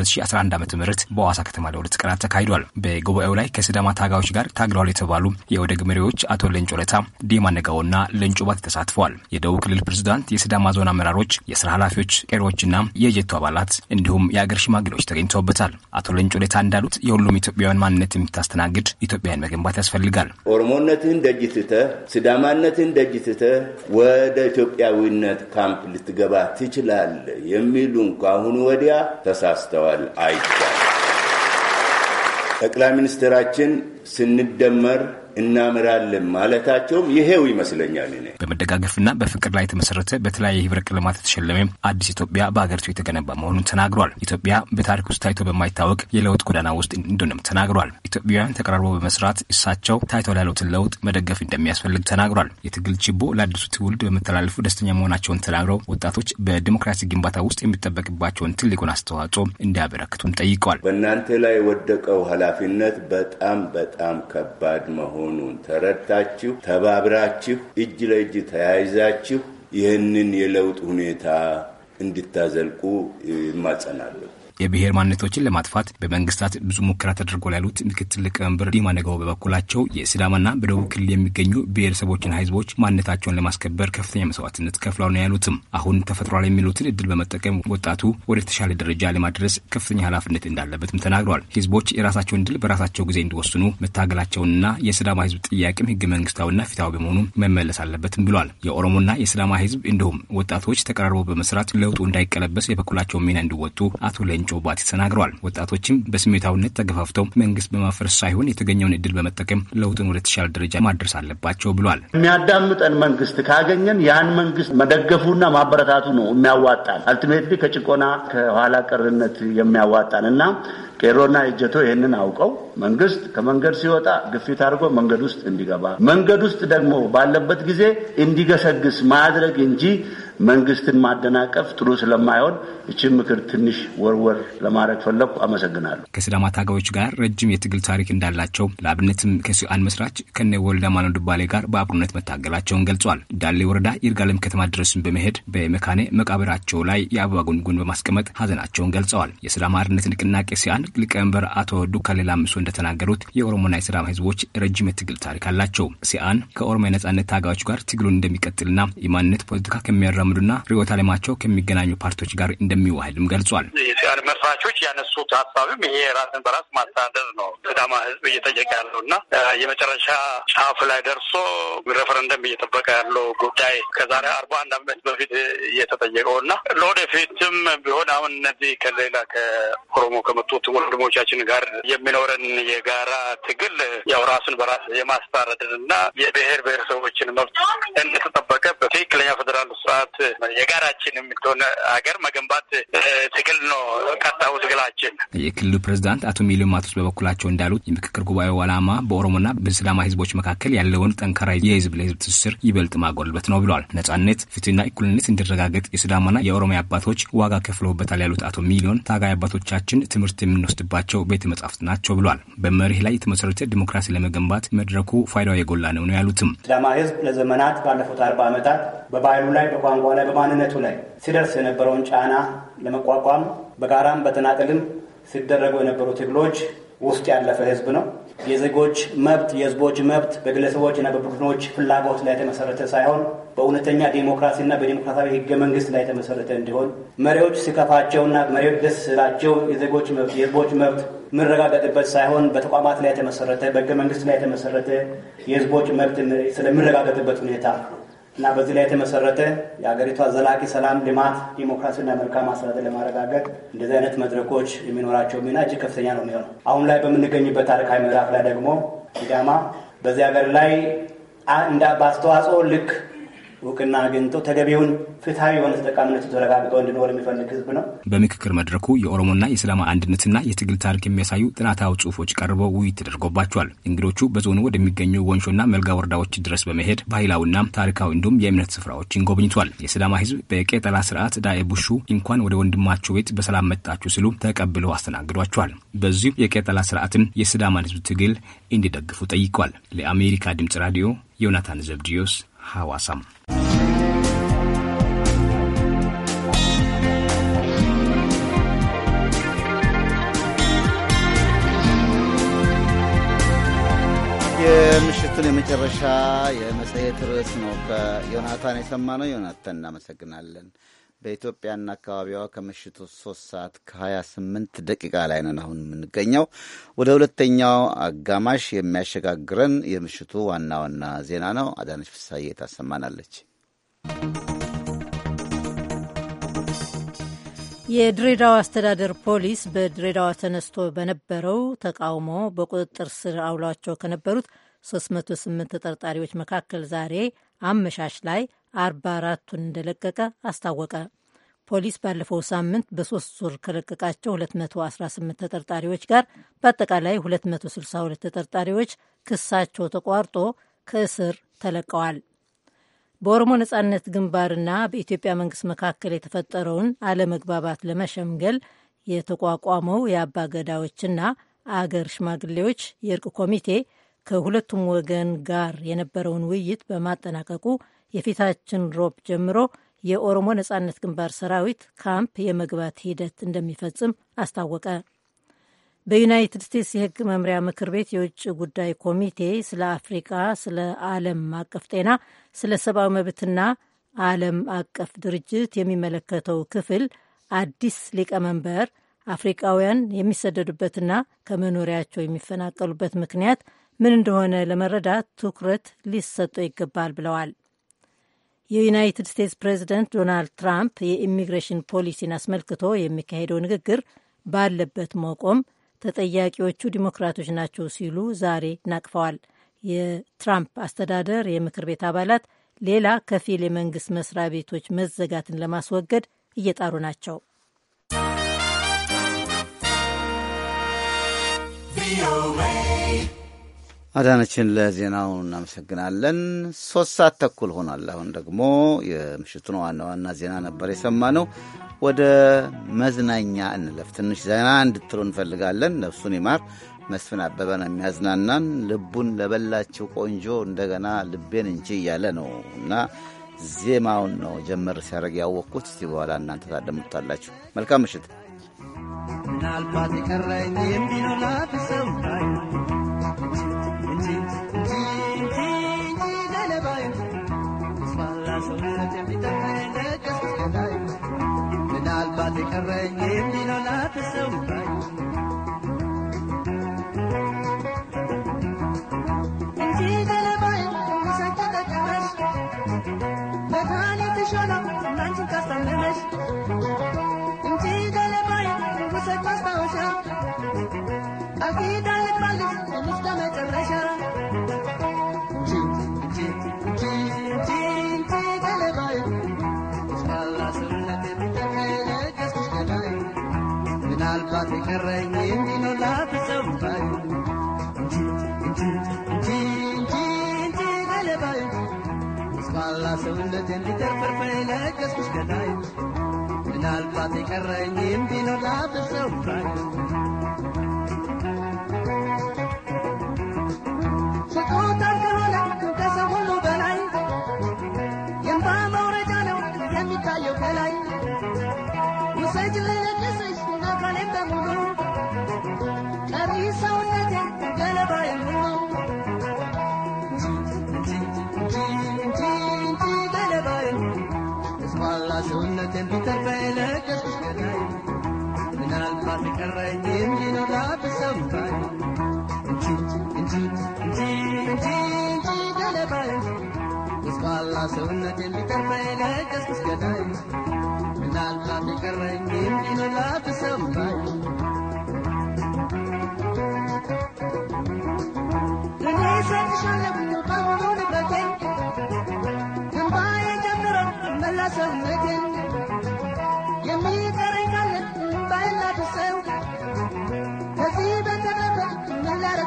አንድ ዓ ም በዋሳ ከተማ ለሁለት ቀናት ተካሂዷል። በጉባኤው ላይ ከስዳማ ታጋዮች ጋር ታግለዋል የተባሉ የኦነግ መሪዎች አቶ ለንጮ ለታ፣ ዲማ ነጋዎና ለንጮ ባት ተሳትፈዋል። የደቡብ ክልል ፕሬዚዳንት፣ የስዳማ ዞን አመራሮች፣ የስራ ኃላፊዎች፣ ቄሮዎችና የጀቱ አባላት እንዲሁም የአገር ሽማግሌዎች ተገኝተውበታል። አቶ ለንጮ ለታ እንዳሉት የሁሉም ኢትዮጵያውያን ማንነት የምታስተናግድ ኢትዮጵያን መገንባት ያስፈልጋል። ኦሮሞነትን ደጅ ትተህ ሲዳማነትን ደጅ ትተህ ወደ ኢትዮጵያዊነት ካምፕ ልትገባ ትችላለህ የሚሉን ከአሁኑ ወዲያ ተሳስተዋል። አይቻል ጠቅላይ ሚኒስትራችን ስንደመር እናምራለን ማለታቸውም ይሄው ይመስለኛል። እኔ በመደጋገፍና በፍቅር ላይ የተመሰረተ በተለያየ ህብረ ቀለማት የተሸለመ አዲስ ኢትዮጵያ በሀገሪቱ የተገነባ መሆኑን ተናግሯል። ኢትዮጵያ በታሪክ ውስጥ ታይቶ በማይታወቅ የለውጥ ጎዳና ውስጥ እንደሆነም ተናግሯል። ኢትዮጵያውያን ተቀራርቦ በመስራት እሳቸው ታይቶ ያሉትን ለውጥ መደገፍ እንደሚያስፈልግ ተናግሯል። የትግል ችቦ ለአዲሱ ትውልድ በመተላለፉ ደስተኛ መሆናቸውን ተናግረው ወጣቶች በዲሞክራሲ ግንባታ ውስጥ የሚጠበቅባቸውን ትልቁን አስተዋጽኦ እንዲያበረክቱም ጠይቀዋል። በእናንተ ላይ የወደቀው ኃላፊነት በጣም በጣም ከባድ መሆኑ መሆኑን ተረድታችሁ ተባብራችሁ እጅ ለእጅ ተያይዛችሁ ይህንን የለውጥ ሁኔታ እንድታዘልቁ ይማጸናለሁ። የብሔር ማንነቶችን ለማጥፋት በመንግስታት ብዙ ሙከራ ተደርጓል ያሉት ምክትል ሊቀመንበር ዲማ ነገው በበኩላቸው የሲዳማና በደቡብ ክልል የሚገኙ ብሔረሰቦችና ህዝቦች ማንነታቸውን ለማስከበር ከፍተኛ መስዋዕትነት ከፍለው ነው ያሉትም አሁን ተፈጥሯል የሚሉትን እድል በመጠቀም ወጣቱ ወደ ተሻለ ደረጃ ለማድረስ ከፍተኛ ኃላፊነት እንዳለበትም ተናግሯል። ህዝቦች የራሳቸውን እድል በራሳቸው ጊዜ እንዲወስኑ መታገላቸውንና የሲዳማ ህዝብ ጥያቄም ህገ መንግስታዊና ፊታዊ በመሆኑ መመለስ አለበትም ብሏል። የኦሮሞና የሲዳማ ህዝብ እንዲሁም ወጣቶች ተቀራርበው በመስራት ለውጡ እንዳይቀለበስ የበኩላቸውን ሚና እንዲወጡ አቶ ለ ዳግም ጩባቴ ተናግረዋል። ወጣቶችም በስሜታዊነት ተገፋፍተው መንግስት በማፍረስ ሳይሆን የተገኘውን እድል በመጠቀም ለውጥን ወደ ተሻለ ደረጃ ማድረስ አለባቸው ብሏል። የሚያዳምጠን መንግስት ካገኘን ያን መንግስት መደገፉና ማበረታቱ ነው የሚያዋጣን። አልቲሜትሊ ከጭቆና ከኋላ ቀርነት የሚያዋጣን እና ቄሮና እጀቶ ይህንን አውቀው መንግስት ከመንገድ ሲወጣ ግፊት አድርጎ መንገድ ውስጥ እንዲገባ መንገድ ውስጥ ደግሞ ባለበት ጊዜ እንዲገሰግስ ማድረግ እንጂ መንግስትን ማደናቀፍ ጥሩ ስለማይሆን እቺ ምክር ትንሽ ወርወር ለማድረግ ፈለግኩ። አመሰግናለሁ። ከሲዳማ ታጋዮች ጋር ረጅም የትግል ታሪክ እንዳላቸው ለአብነትም ከሲአን መስራች ከነ ወልዳ ማኖ ዱባሌ ጋር በአብሮነት መታገላቸውን ገልጿል። ዳሌ ወረዳ ይርጋለም ከተማ ድረሱን በመሄድ በመካኔ መቃብራቸው ላይ የአበባ ጉንጉን በማስቀመጥ ሀዘናቸውን ገልጸዋል። የሲዳማ አርነት ንቅናቄ ሲአን ሊቀመንበር አቶ ዱካሌ ላምሶ እንደተናገሩት የኦሮሞና የሲዳማ ህዝቦች ረጅም የትግል ታሪክ አላቸው። ሲአን ከኦሮሞ የነጻነት ታጋዮች ጋር ትግሉን እንደሚቀጥልና የማንነት ፖለቲካ ከሚያራምዱና ርዕዮተ ዓለማቸው ከሚገናኙ ፓርቲዎች ጋር እንደሚዋህድም ገልጿል። የሲአን መስራቾች ያነሱት ሀሳብም ይሄ ራስን በራስ ማስተዳደር ነው። ሲዳማ ህዝብ እየጠየቀ ያለው እና የመጨረሻ ጫፍ ላይ ደርሶ ሬፈረንደም እየጠበቀ ያለው ጉዳይ ከዛሬ አርባ አንድ አመት በፊት እየተጠየቀው እና ለወደፊትም ቢሆን አሁን እነዚህ ከሌላ ከኦሮሞ ከመጡት ወንድሞቻችን ጋር የሚኖረን የጋራ ትግል ያው ራሱን በራስ የማስታረድን እና የብሔር ብሔረሰቦችን መብት እንደተጠበቀ ትክክለኛ ፌዴራል ስርዓት የጋራችን እንደሆነ ሀገር መገንባት ትግል ነው ቀጣው ትግላችን። የክልሉ ፕሬዚዳንት አቶ ሚሊዮን ማቶስ በበኩላቸው እንዳሉት የምክክር ጉባኤው ዓላማ በኦሮሞና በስላማ ህዝቦች መካከል ያለውን ጠንካራ የህዝብ ለህዝብ ትስስር ይበልጥ ማጎልበት ነው ብለዋል። ነጻነት፣ ፍትህና እኩልነት እንዲረጋገጥ የስዳማና የኦሮሚያ አባቶች ዋጋ ከፍለውበታል ያሉት አቶ ሚሊዮን ታጋይ አባቶቻችን ትምህርት የምንወስድባቸው ቤተ መጻሕፍት ናቸው ብለዋል። በመርህ ላይ የተመሰረተ ዲሞክራሲ ለመገንባት መድረኩ ፋይዳው የጎላ ነው ነው ያሉትም ስዳማ ህዝብ ለዘመናት ባለፉት አርባ ዓመታት በባህሉ ላይ፣ በቋንቋ ላይ፣ በማንነቱ ላይ ሲደርስ የነበረውን ጫና ለመቋቋም በጋራም በተናጠልም ሲደረጉ የነበሩ ትግሎች ውስጥ ያለፈ ህዝብ ነው። የዜጎች መብት የህዝቦች መብት በግለሰቦችና በቡድኖች ፍላጎት ላይ የተመሰረተ ሳይሆን በእውነተኛ ዴሞክራሲና በዴሞክራሲያዊ ህገ መንግስት ላይ የተመሰረተ እንዲሆን መሪዎች ሲከፋቸውና መሪዎች ደስ ስላቸው የዜጎች መብት የህዝቦች መብት የሚረጋገጥበት ሳይሆን በተቋማት ላይ የተመሰረተ በህገ መንግስት ላይ የተመሰረተ የህዝቦች መብት ስለሚረጋገጥበት ሁኔታ እና በዚህ ላይ የተመሰረተ የሀገሪቷ ዘላቂ ሰላም፣ ልማት፣ ዲሞክራሲና መልካም አስተዳደር ለማረጋገጥ እንደዚህ አይነት መድረኮች የሚኖራቸው ሚና እጅግ ከፍተኛ ነው የሚሆነው። አሁን ላይ በምንገኝበት ታሪካዊ ምዕራፍ ላይ ደግሞ ሲዳማ በዚህ ሀገር ላይ በአስተዋጽኦ ልክ እውቅና አግኝቶ ተገቢውን ፍትሐዊ የሆነ ተጠቃሚነቱ ተረጋግጦ እንዲኖር የሚፈልግ ህዝብ ነው። በምክክር መድረኩ የኦሮሞና የስላማ አንድነትና የትግል ታሪክ የሚያሳዩ ጥናታዊ ጽሁፎች ቀርበው ውይይት ተደርጎባቸዋል። እንግዶቹ በዞኑ ወደሚገኙ ወንሾና መልጋ ወረዳዎች ድረስ በመሄድ ባህላዊና ታሪካዊ እንዲሁም የእምነት ስፍራዎችን ጎብኝቷል። የስላማ ህዝብ በቄጠላ ስርዓት ዳኤ ቡሹ እንኳን ወደ ወንድማቸው ቤት በሰላም መጣችሁ ሲሉ ተቀብለው አስተናግዷቸዋል። በዚሁም የቄጠላ ስርዓትን የስላማን ህዝብ ትግል እንዲደግፉ ጠይቋል። ለአሜሪካ ድምጽ ራዲዮ ዮናታን ዘብድዮስ ሐዋሳም የምሽቱን የመጨረሻ የመጽሔት ርዕስ ነው ከዮናታን የሰማነው። ዮናታን እናመሰግናለን። በኢትዮጵያና አካባቢዋ ከምሽቱ ሶስት ሰዓት ከ28 ደቂቃ ላይ ነን አሁን የምንገኘው። ወደ ሁለተኛው አጋማሽ የሚያሸጋግረን የምሽቱ ዋና ዋና ዜና ነው። አዳነች ፍሳዬ ታሰማናለች። የድሬዳዋ አስተዳደር ፖሊስ በድሬዳዋ ተነስቶ በነበረው ተቃውሞ በቁጥጥር ስር አውሏቸው ከነበሩት 308 ተጠርጣሪዎች መካከል ዛሬ አመሻሽ ላይ 44ቱን እንደለቀቀ አስታወቀ። ፖሊስ ባለፈው ሳምንት በሶስት ዙር ከለቀቃቸው 218 ተጠርጣሪዎች ጋር በአጠቃላይ 262 ተጠርጣሪዎች ክሳቸው ተቋርጦ ከእስር ተለቀዋል። በኦሮሞ ነጻነት ግንባርና በኢትዮጵያ መንግስት መካከል የተፈጠረውን አለመግባባት ለመሸምገል የተቋቋመው የአባ ገዳዎችና አገር ሽማግሌዎች የእርቅ ኮሚቴ ከሁለቱም ወገን ጋር የነበረውን ውይይት በማጠናቀቁ የፊታችን ሮብ ጀምሮ የኦሮሞ ነጻነት ግንባር ሰራዊት ካምፕ የመግባት ሂደት እንደሚፈጽም አስታወቀ። በዩናይትድ ስቴትስ የሕግ መምሪያ ምክር ቤት የውጭ ጉዳይ ኮሚቴ ስለ አፍሪቃ፣ ስለ ዓለም አቀፍ ጤና፣ ስለ ሰብአዊ መብትና ዓለም አቀፍ ድርጅት የሚመለከተው ክፍል አዲስ ሊቀመንበር አፍሪቃውያን የሚሰደዱበትና ከመኖሪያቸው የሚፈናቀሉበት ምክንያት ምን እንደሆነ ለመረዳት ትኩረት ሊሰጠው ይገባል ብለዋል። የዩናይትድ ስቴትስ ፕሬዚደንት ዶናልድ ትራምፕ የኢሚግሬሽን ፖሊሲን አስመልክቶ የሚካሄደው ንግግር ባለበት መቆም ተጠያቂዎቹ ዲሞክራቶች ናቸው ሲሉ ዛሬ ናቅፈዋል። የትራምፕ አስተዳደር የምክር ቤት አባላት ሌላ ከፊል የመንግስት መስሪያ ቤቶች መዘጋትን ለማስወገድ እየጣሩ ናቸው። ቪኦኤ አዳነችን ለዜናው እናመሰግናለን። ሶስት ሰዓት ተኩል ሆኗል። አሁን ደግሞ የምሽቱን ዋና ዋና ዜና ነበር የሰማነው። ወደ መዝናኛ እንለፍ። ትንሽ ዜና እንድትሉ እንፈልጋለን። ነፍሱን ይማር መስፍን አበበ ነው የሚያዝናናን። ልቡን ለበላችው ቆንጆ እንደገና ልቤን እንጂ እያለ ነው እና ዜማውን ነው ጀመር ሲያደርግ ያወቅኩት። እስቲ በኋላ እናንተ ታደምጡታላችሁ። መልካም ምሽት። ምናልባት የቀረኝ የሚኖላት ሰው የቀረኝ የሚለው ላትሰው ቀረኝ እንዲሉ ላብሰውባል እንጂ እንጂ እንጂ እንጂ እንጂ ገለባይ ስባላ ሰውነት እንዲተፈርፈር ለገስኩስ ገዳይ ምናልባት የቀረኝ እንዲሉ ላብሰውባል Just a good time. And I'll be correcting you, you know, love is so fine.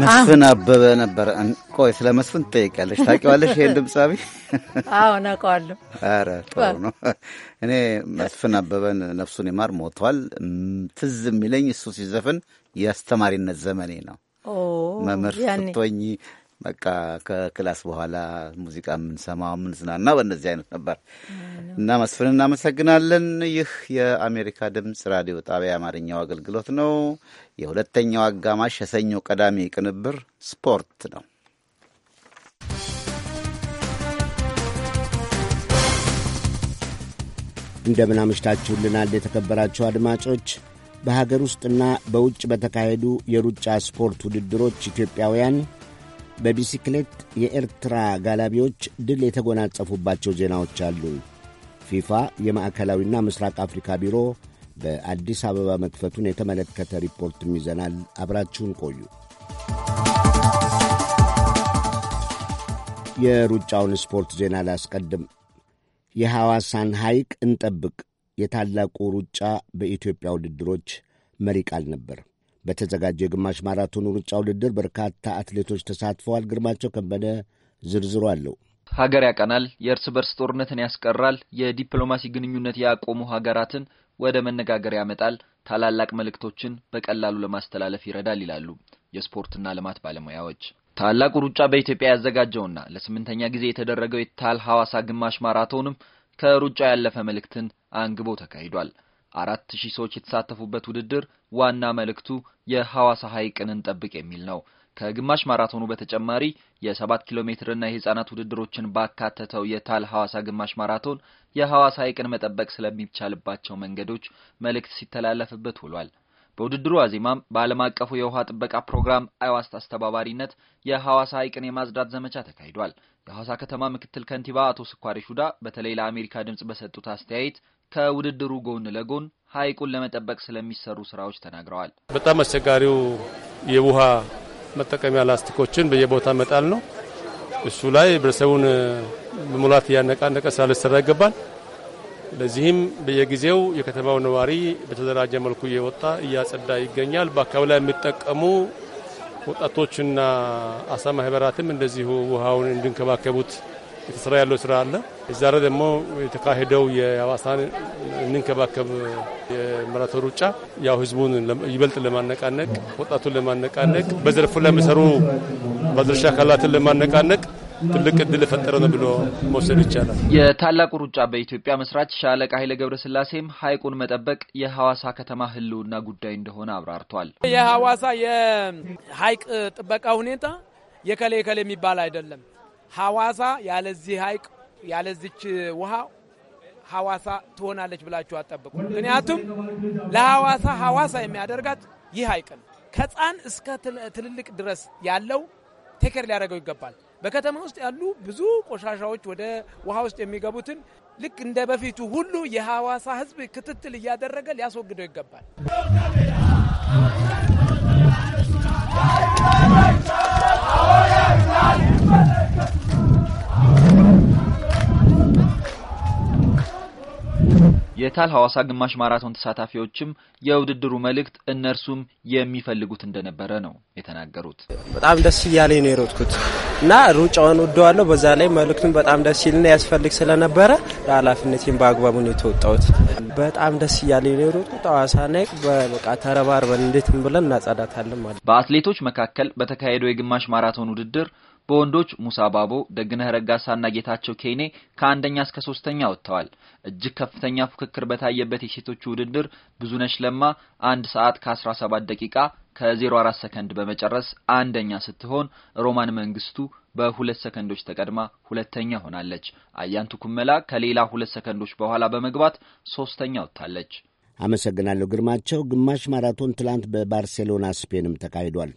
መስፍን አበበ ነበረ። ቆይ ስለ መስፍን ትጠይቂያለሽ። ታውቂዋለሽ? ይሄን ድምፃዊ? አዎ ነቀዋለሁ። ኧረ ጥሩ ነው። እኔ መስፍን አበበን ነፍሱን ይማር ሞቷል። ትዝ የሚለኝ እሱ ሲዘፍን የአስተማሪነት ዘመኔ ነው። መምህር ፍቶኝ በቃ ከክላስ በኋላ ሙዚቃ የምንሰማው የምንዝናና በእነዚህ አይነት ነበር እና መስፍን እናመሰግናለን። ይህ የአሜሪካ ድምፅ ራዲዮ ጣቢያ የአማርኛው አገልግሎት ነው። የሁለተኛው አጋማሽ የሰኞ ቀዳሚ ቅንብር ስፖርት ነው። እንደምን አምሽታችሁልናል የተከበራችሁ አድማጮች። በሀገር ውስጥና በውጭ በተካሄዱ የሩጫ ስፖርት ውድድሮች ኢትዮጵያውያን በቢሲክሌት የኤርትራ ጋላቢዎች ድል የተጎናጸፉባቸው ዜናዎች አሉ። ፊፋ የማዕከላዊና ምስራቅ አፍሪካ ቢሮ በአዲስ አበባ መክፈቱን የተመለከተ ሪፖርትም ይዘናል። አብራችሁን ቆዩ። የሩጫውን ስፖርት ዜና ላስቀድም። የሐዋሳን ሐይቅ እንጠብቅ የታላቁ ሩጫ በኢትዮጵያ ውድድሮች መሪ ቃል ነበር። በተዘጋጀው የግማሽ ማራቶን ሩጫ ውድድር በርካታ አትሌቶች ተሳትፈዋል። ግርማቸው ከበደ ዝርዝሩ አለው። ሀገር ያቀናል፣ የእርስ በርስ ጦርነትን ያስቀራል፣ የዲፕሎማሲ ግንኙነት ያቆሙ ሀገራትን ወደ መነጋገር ያመጣል፣ ታላላቅ መልእክቶችን በቀላሉ ለማስተላለፍ ይረዳል ይላሉ የስፖርትና ልማት ባለሙያዎች። ታላቁ ሩጫ በኢትዮጵያ ያዘጋጀውና ለስምንተኛ ጊዜ የተደረገው የታል ሐዋሳ ግማሽ ማራቶንም ከሩጫ ያለፈ መልእክትን አንግቦ ተካሂዷል። አራት ሺህ ሰዎች የተሳተፉበት ውድድር ዋና መልእክቱ የሐዋሳ ሐይቅን እንጠብቅ የሚል ነው። ከግማሽ ማራቶኑ በተጨማሪ የሰባት ኪሎ ሜትርና የህጻናት ውድድሮችን ባካተተው የታል ሐዋሳ ግማሽ ማራቶን የሐዋሳ ሐይቅን መጠበቅ ስለሚቻልባቸው መንገዶች መልእክት ሲተላለፍበት ውሏል። በውድድሩ አዜማም በዓለም አቀፉ የውሃ ጥበቃ ፕሮግራም አይዋስት አስተባባሪነት የሐዋሳ ሐይቅን የማጽዳት ዘመቻ ተካሂዷል። የሐዋሳ ከተማ ምክትል ከንቲባ አቶ ስኳሪ ሹዳ በተለይ ለአሜሪካ ድምፅ በሰጡት አስተያየት ከውድድሩ ጎን ለጎን ሐይቁን ለመጠበቅ ስለሚሰሩ ስራዎች ተናግረዋል። በጣም አስቸጋሪው የውሃ መጠቀሚያ ላስቲኮችን በየቦታ መጣል ነው። እሱ ላይ ህብረተሰቡን በሙላት እያነቃነቀ ስራ ሊሰራ ይገባል። ለዚህም በየጊዜው የከተማው ነዋሪ በተደራጀ መልኩ እየወጣ እያጸዳ ይገኛል። በአካባቢ ላይ የሚጠቀሙ ወጣቶችና አሳ ማህበራትም እንደዚሁ ውሃውን እንዲንከባከቡት የተሰራ ያለው ስራ አለ። ዛሬ ደግሞ የተካሄደው የአዋሳን እንንከባከብ የማራቶን ሩጫ ያው ህዝቡን ይበልጥ ለማነቃነቅ፣ ወጣቱን ለማነቃነቅ፣ በዘርፉ ላይ የሚሰሩ ባለድርሻ አካላትን ለማነቃነቅ ትልቅ እድል የፈጠረ ነው ብሎ መውሰድ ይቻላል። የታላቁ ሩጫ በኢትዮጵያ መስራች ሻለቃ ኃይለ ገብረስላሴም ሐይቁን መጠበቅ የሐዋሳ ከተማ ህልውና ጉዳይ እንደሆነ አብራርቷል። የሐዋሳ የሀይቅ ጥበቃ ሁኔታ የከሌ የከሌ የሚባል አይደለም። ሐዋሳ ያለዚህ ሐይቅ ያለዚች ውሃ ሐዋሳ ትሆናለች ብላችሁ አጠብቁ። ምክንያቱም ለሐዋሳ ሐዋሳ የሚያደርጋት ይህ ሐይቅ ነው። ከህፃን እስከ ትልልቅ ድረስ ያለው ቴከር ሊያደርገው ይገባል። በከተማ ውስጥ ያሉ ብዙ ቆሻሻዎች ወደ ውሃ ውስጥ የሚገቡትን ልክ እንደ በፊቱ ሁሉ የሐዋሳ ህዝብ ክትትል እያደረገ ሊያስወግደው ይገባል። የታል ሐዋሳ ግማሽ ማራቶን ተሳታፊዎችም የውድድሩ መልእክት እነርሱም የሚፈልጉት እንደነበረ ነው የተናገሩት። በጣም ደስ እያለኝ ነው የሮጥኩት እና ሩጫውን ወደዋለሁ። በዛ ላይ መልእክቱን በጣም ደስ ይልና ያስፈልግ ስለነበረ ኃላፊነቴን በአግባቡ ነው የተወጣሁት። በጣም ደስ እያለኝ ነው የሮጥኩት። ሐዋሳ ነቅ በቃ ተረባርበን እንዴትም ብለን እናጸዳታለን ማለት በአትሌቶች መካከል በተካሄደው የግማሽ ማራቶን ውድድር በወንዶች ሙሳ ባቦ፣ ደግነህ ረጋሳና ጌታቸው ኬኔ ከአንደኛ እስከ ሶስተኛ ወጥተዋል። እጅግ ከፍተኛ ፉክክር በታየበት የሴቶቹ ውድድር ብዙነሽ ለማ አንድ ሰዓት ከ17 ደቂቃ ከ04 ሰከንድ በመጨረስ አንደኛ ስትሆን ሮማን መንግስቱ በሁለት ሰከንዶች ተቀድማ ሁለተኛ ሆናለች። አያንቱ ኩመላ ከሌላ ሁለት ሰከንዶች በኋላ በመግባት ሶስተኛ ወጥታለች። አመሰግናለሁ ግርማቸው። ግማሽ ማራቶን ትላንት በባርሴሎና ስፔንም ተካሂዷል።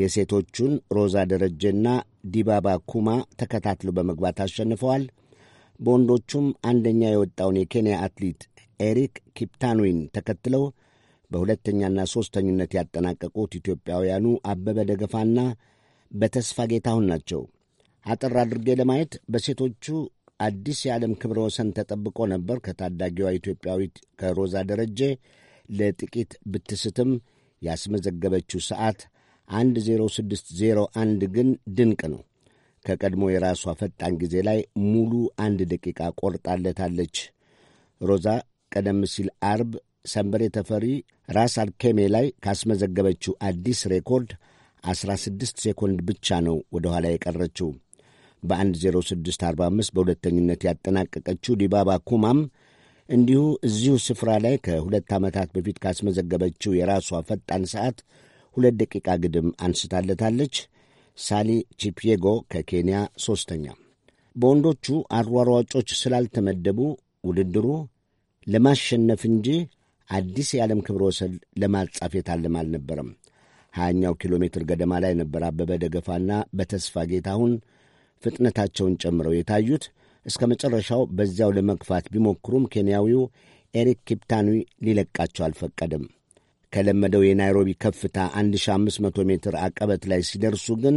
የሴቶቹን ሮዛ ደረጀና ዲባባ ኩማ ተከታትለው በመግባት አሸንፈዋል። በወንዶቹም አንደኛ የወጣውን የኬንያ አትሌት ኤሪክ ኪፕታንዊን ተከትለው በሁለተኛና ሦስተኝነት ያጠናቀቁት ኢትዮጵያውያኑ አበበ ደገፋና በተስፋ ጌታሁን ናቸው። አጠር አድርጌ ለማየት በሴቶቹ አዲስ የዓለም ክብረ ወሰን ተጠብቆ ነበር። ከታዳጊዋ ኢትዮጵያዊት ከሮዛ ደረጀ ለጥቂት ብትስትም ያስመዘገበችው ሰዓት 10601 ግን ድንቅ ነው። ከቀድሞ የራሷ ፈጣን ጊዜ ላይ ሙሉ አንድ ደቂቃ ቆርጣለታለች። ሮዛ ቀደም ሲል አርብ ሰንበሬ ተፈሪ ራስ አልኬሜ ላይ ካስመዘገበችው አዲስ ሬኮርድ 16 ሴኮንድ ብቻ ነው ወደ ኋላ የቀረችው። በ10645 በሁለተኝነት ያጠናቀቀችው ዲባባ ኩማም እንዲሁ እዚሁ ስፍራ ላይ ከሁለት ዓመታት በፊት ካስመዘገበችው የራሷ ፈጣን ሰዓት ሁለት ደቂቃ ግድም አንስታለታለች። ሳሊ ቺፕዬጎ ከኬንያ ሦስተኛ። በወንዶቹ አሯሯጮች ስላልተመደቡ ውድድሩ ለማሸነፍ እንጂ አዲስ የዓለም ክብረ ወሰን ለማጻፍ የታለም አልነበረም። ሀያኛው ኪሎ ሜትር ገደማ ላይ ነበር አበበ ደገፋና በተስፋ ጌታሁን ፍጥነታቸውን ጨምረው የታዩት። እስከ መጨረሻው በዚያው ለመግፋት ቢሞክሩም ኬንያዊው ኤሪክ ኪፕታኒ ሊለቃቸው አልፈቀደም። ከለመደው የናይሮቢ ከፍታ 1500 ሜትር አቀበት ላይ ሲደርሱ ግን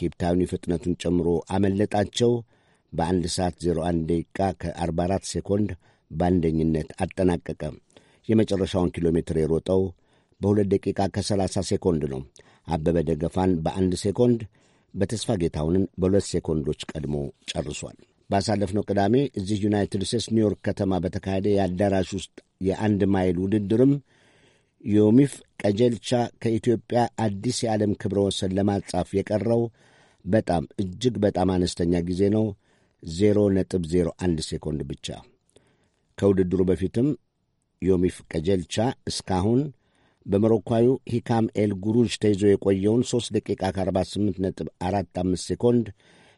ኬፕታውኑ ፍጥነቱን ጨምሮ አመለጣቸው። በ1 ሰዓት 01 ደቂቃ ከ44 ሴኮንድ በአንደኝነት አጠናቀቀ። የመጨረሻውን ኪሎ ሜትር የሮጠው በ2 ደቂቃ ከ30 ሴኮንድ ነው። አበበ ደገፋን በአንድ ሴኮንድ፣ በተስፋ ጌታሁንን በሁለት ሴኮንዶች ቀድሞ ጨርሷል። ባሳለፍነው ቅዳሜ እዚህ ዩናይትድ ስቴትስ ኒውዮርክ ከተማ በተካሄደ የአዳራሽ ውስጥ የአንድ ማይል ውድድርም ዮሚፍ ቀጀልቻ ከኢትዮጵያ አዲስ የዓለም ክብረ ወሰን ለማጻፍ የቀረው በጣም እጅግ በጣም አነስተኛ ጊዜ ነው፣ 0.01 ሴኮንድ ብቻ። ከውድድሩ በፊትም ዮሚፍ ቀጀልቻ እስካሁን በሞሮኳዩ ሂካም ኤል ጉሩጅ ተይዞ የቆየውን 3 ደቂቃ ከ48.45 ሴኮንድ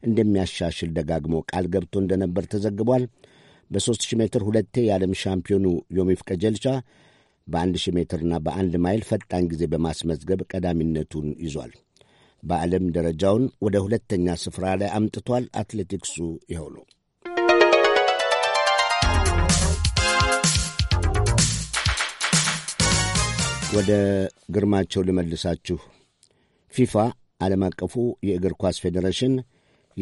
እንደሚያሻሽል ደጋግሞ ቃል ገብቶ እንደነበር ተዘግቧል። በ3000 ሜትር ሁለቴ የዓለም ሻምፒዮኑ ዮሚፍ ቀጀልቻ በአንድ ሺህ ሜትርና በአንድ ማይል ፈጣን ጊዜ በማስመዝገብ ቀዳሚነቱን ይዟል። በዓለም ደረጃውን ወደ ሁለተኛ ስፍራ ላይ አምጥቷል። አትሌቲክሱ ይኸው ነው። ወደ ግርማቸው ልመልሳችሁ። ፊፋ ዓለም አቀፉ የእግር ኳስ ፌዴሬሽን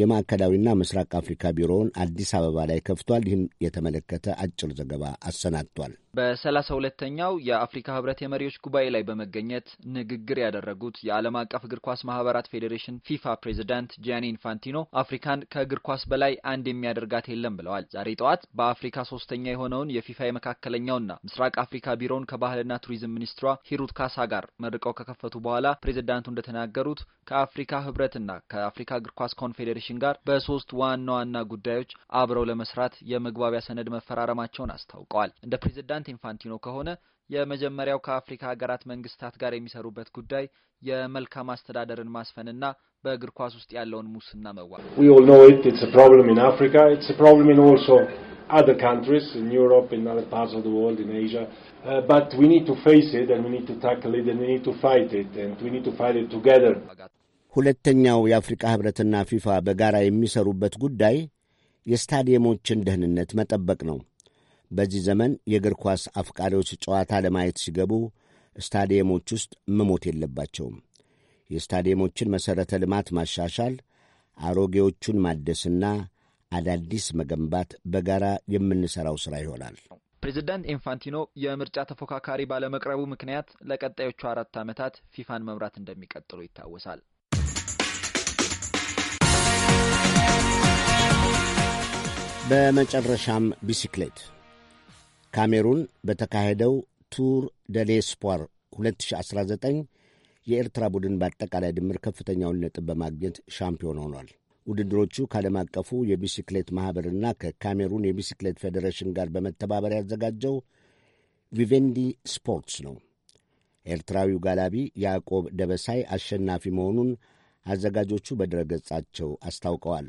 የማዕከላዊና ምስራቅ አፍሪካ ቢሮውን አዲስ አበባ ላይ ከፍቷል። ይህም የተመለከተ አጭር ዘገባ አሰናድቷል። በሰላሳ ሁለተኛው የአፍሪካ ህብረት የመሪዎች ጉባኤ ላይ በመገኘት ንግግር ያደረጉት የዓለም አቀፍ እግር ኳስ ማህበራት ፌዴሬሽን ፊፋ ፕሬዚዳንት ጂያኒ ኢንፋንቲኖ አፍሪካን ከእግር ኳስ በላይ አንድ የሚያደርጋት የለም ብለዋል። ዛሬ ጠዋት በአፍሪካ ሶስተኛ የሆነውን የፊፋ የመካከለኛውና ምስራቅ አፍሪካ ቢሮውን ከባህልና ቱሪዝም ሚኒስትሯ ሂሩት ካሳ ጋር መርቀው ከከፈቱ በኋላ ፕሬዚዳንቱ እንደተናገሩት ከአፍሪካ ህብረትና ከአፍሪካ እግር ኳስ ኮንፌዴሬሽን ጋር በሶስት ዋና ዋና ጉዳዮች አብረው ለመስራት የመግባቢያ ሰነድ መፈራረማቸውን አስታውቀዋል። እንደ ፕሬዚዳንት ፕሬዚዳንት ኢንፋንቲኖ ከሆነ የመጀመሪያው ከአፍሪካ ሀገራት መንግስታት ጋር የሚሰሩበት ጉዳይ የመልካም አስተዳደርን ማስፈንና በእግር ኳስ ውስጥ ያለውን ሙስና መዋል uh, ሁለተኛው የአፍሪካ ህብረትና ፊፋ በጋራ የሚሰሩበት ጉዳይ የስታዲየሞችን ደህንነት መጠበቅ ነው። በዚህ ዘመን የእግር ኳስ አፍቃሪዎች ጨዋታ ለማየት ሲገቡ ስታዲየሞች ውስጥ መሞት የለባቸውም። የስታዲየሞችን መሠረተ ልማት ማሻሻል፣ አሮጌዎቹን ማደስና አዳዲስ መገንባት በጋራ የምንሠራው ሥራ ይሆናል። ፕሬዚዳንት ኢንፋንቲኖ የምርጫ ተፎካካሪ ባለመቅረቡ ምክንያት ለቀጣዮቹ አራት ዓመታት ፊፋን መምራት እንደሚቀጥሉ ይታወሳል። በመጨረሻም ቢሲክሌት ካሜሩን በተካሄደው ቱር ደሌስፖር 2019 የኤርትራ ቡድን በአጠቃላይ ድምር ከፍተኛውን ነጥብ በማግኘት ሻምፒዮን ሆኗል። ውድድሮቹ ከዓለም አቀፉ የቢሲክሌት ማኅበርና ከካሜሩን የቢሲክሌት ፌዴሬሽን ጋር በመተባበር ያዘጋጀው ቪቬንዲ ስፖርትስ ነው። ኤርትራዊው ጋላቢ ያዕቆብ ደበሳይ አሸናፊ መሆኑን አዘጋጆቹ በድረገጻቸው አስታውቀዋል።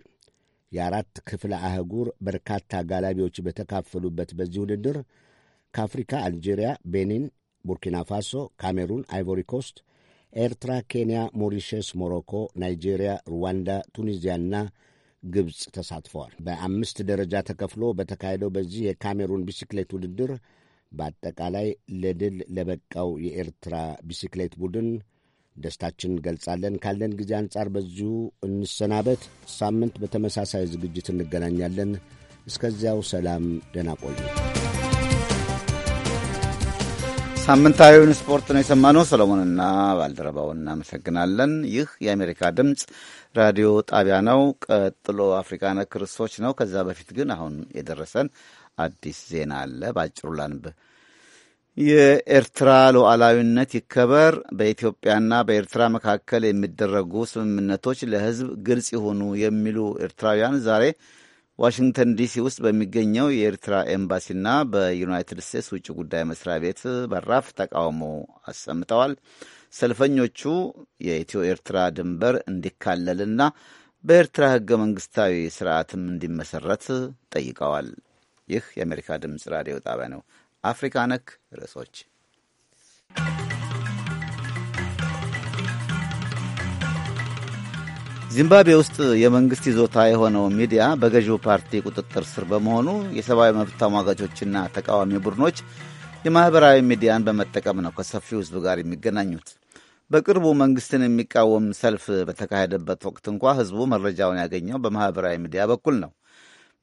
የአራት ክፍለ አህጉር በርካታ ጋላቢዎች በተካፈሉበት በዚህ ውድድር ከአፍሪካ አልጄሪያ፣ ቤኒን፣ ቡርኪና ፋሶ፣ ካሜሩን፣ አይቮሪ ኮስት፣ ኤርትራ፣ ኬንያ፣ ሞሪሸስ፣ ሞሮኮ፣ ናይጄሪያ፣ ሩዋንዳ፣ ቱኒዚያና ግብፅ ተሳትፈዋል። በአምስት ደረጃ ተከፍሎ በተካሄደው በዚህ የካሜሩን ቢሲክሌት ውድድር በአጠቃላይ ለድል ለበቃው የኤርትራ ቢሲክሌት ቡድን ደስታችን እንገልጻለን። ካለን ጊዜ አንጻር በዚሁ እንሰናበት። ሳምንት በተመሳሳይ ዝግጅት እንገናኛለን። እስከዚያው ሰላም፣ ደህና ቆዩ። ሳምንታዊውን ስፖርት ነው የሰማነው። ሰለሞንና ባልደረባውን እናመሰግናለን። ይህ የአሜሪካ ድምፅ ራዲዮ ጣቢያ ነው። ቀጥሎ አፍሪካ ነክ ርዕሶች ነው። ከዛ በፊት ግን አሁን የደረሰን አዲስ ዜና አለ። በአጭሩ ላንብብ። የኤርትራ ሉዓላዊነት ይከበር፣ በኢትዮጵያና በኤርትራ መካከል የሚደረጉ ስምምነቶች ለሕዝብ ግልጽ ይሆኑ የሚሉ ኤርትራውያን ዛሬ ዋሽንግተን ዲሲ ውስጥ በሚገኘው የኤርትራ ኤምባሲና በዩናይትድ ስቴትስ ውጭ ጉዳይ መስሪያ ቤት በራፍ ተቃውሞ አሰምተዋል። ሰልፈኞቹ የኢትዮ ኤርትራ ድንበር እንዲካለልና በኤርትራ ህገ መንግስታዊ ስርዓትም እንዲመሰረት ጠይቀዋል። ይህ የአሜሪካ ድምፅ ራዲዮ ጣቢያ ነው። አፍሪካ ነክ ርዕሶች ዚምባብዌ ውስጥ የመንግሥት ይዞታ የሆነው ሚዲያ በገዢው ፓርቲ ቁጥጥር ስር በመሆኑ የሰብአዊ መብት ተሟጋቾችና ተቃዋሚ ቡድኖች የማኅበራዊ ሚዲያን በመጠቀም ነው ከሰፊው ሕዝብ ጋር የሚገናኙት። በቅርቡ መንግሥትን የሚቃወም ሰልፍ በተካሄደበት ወቅት እንኳ ሕዝቡ መረጃውን ያገኘው በማኅበራዊ ሚዲያ በኩል ነው።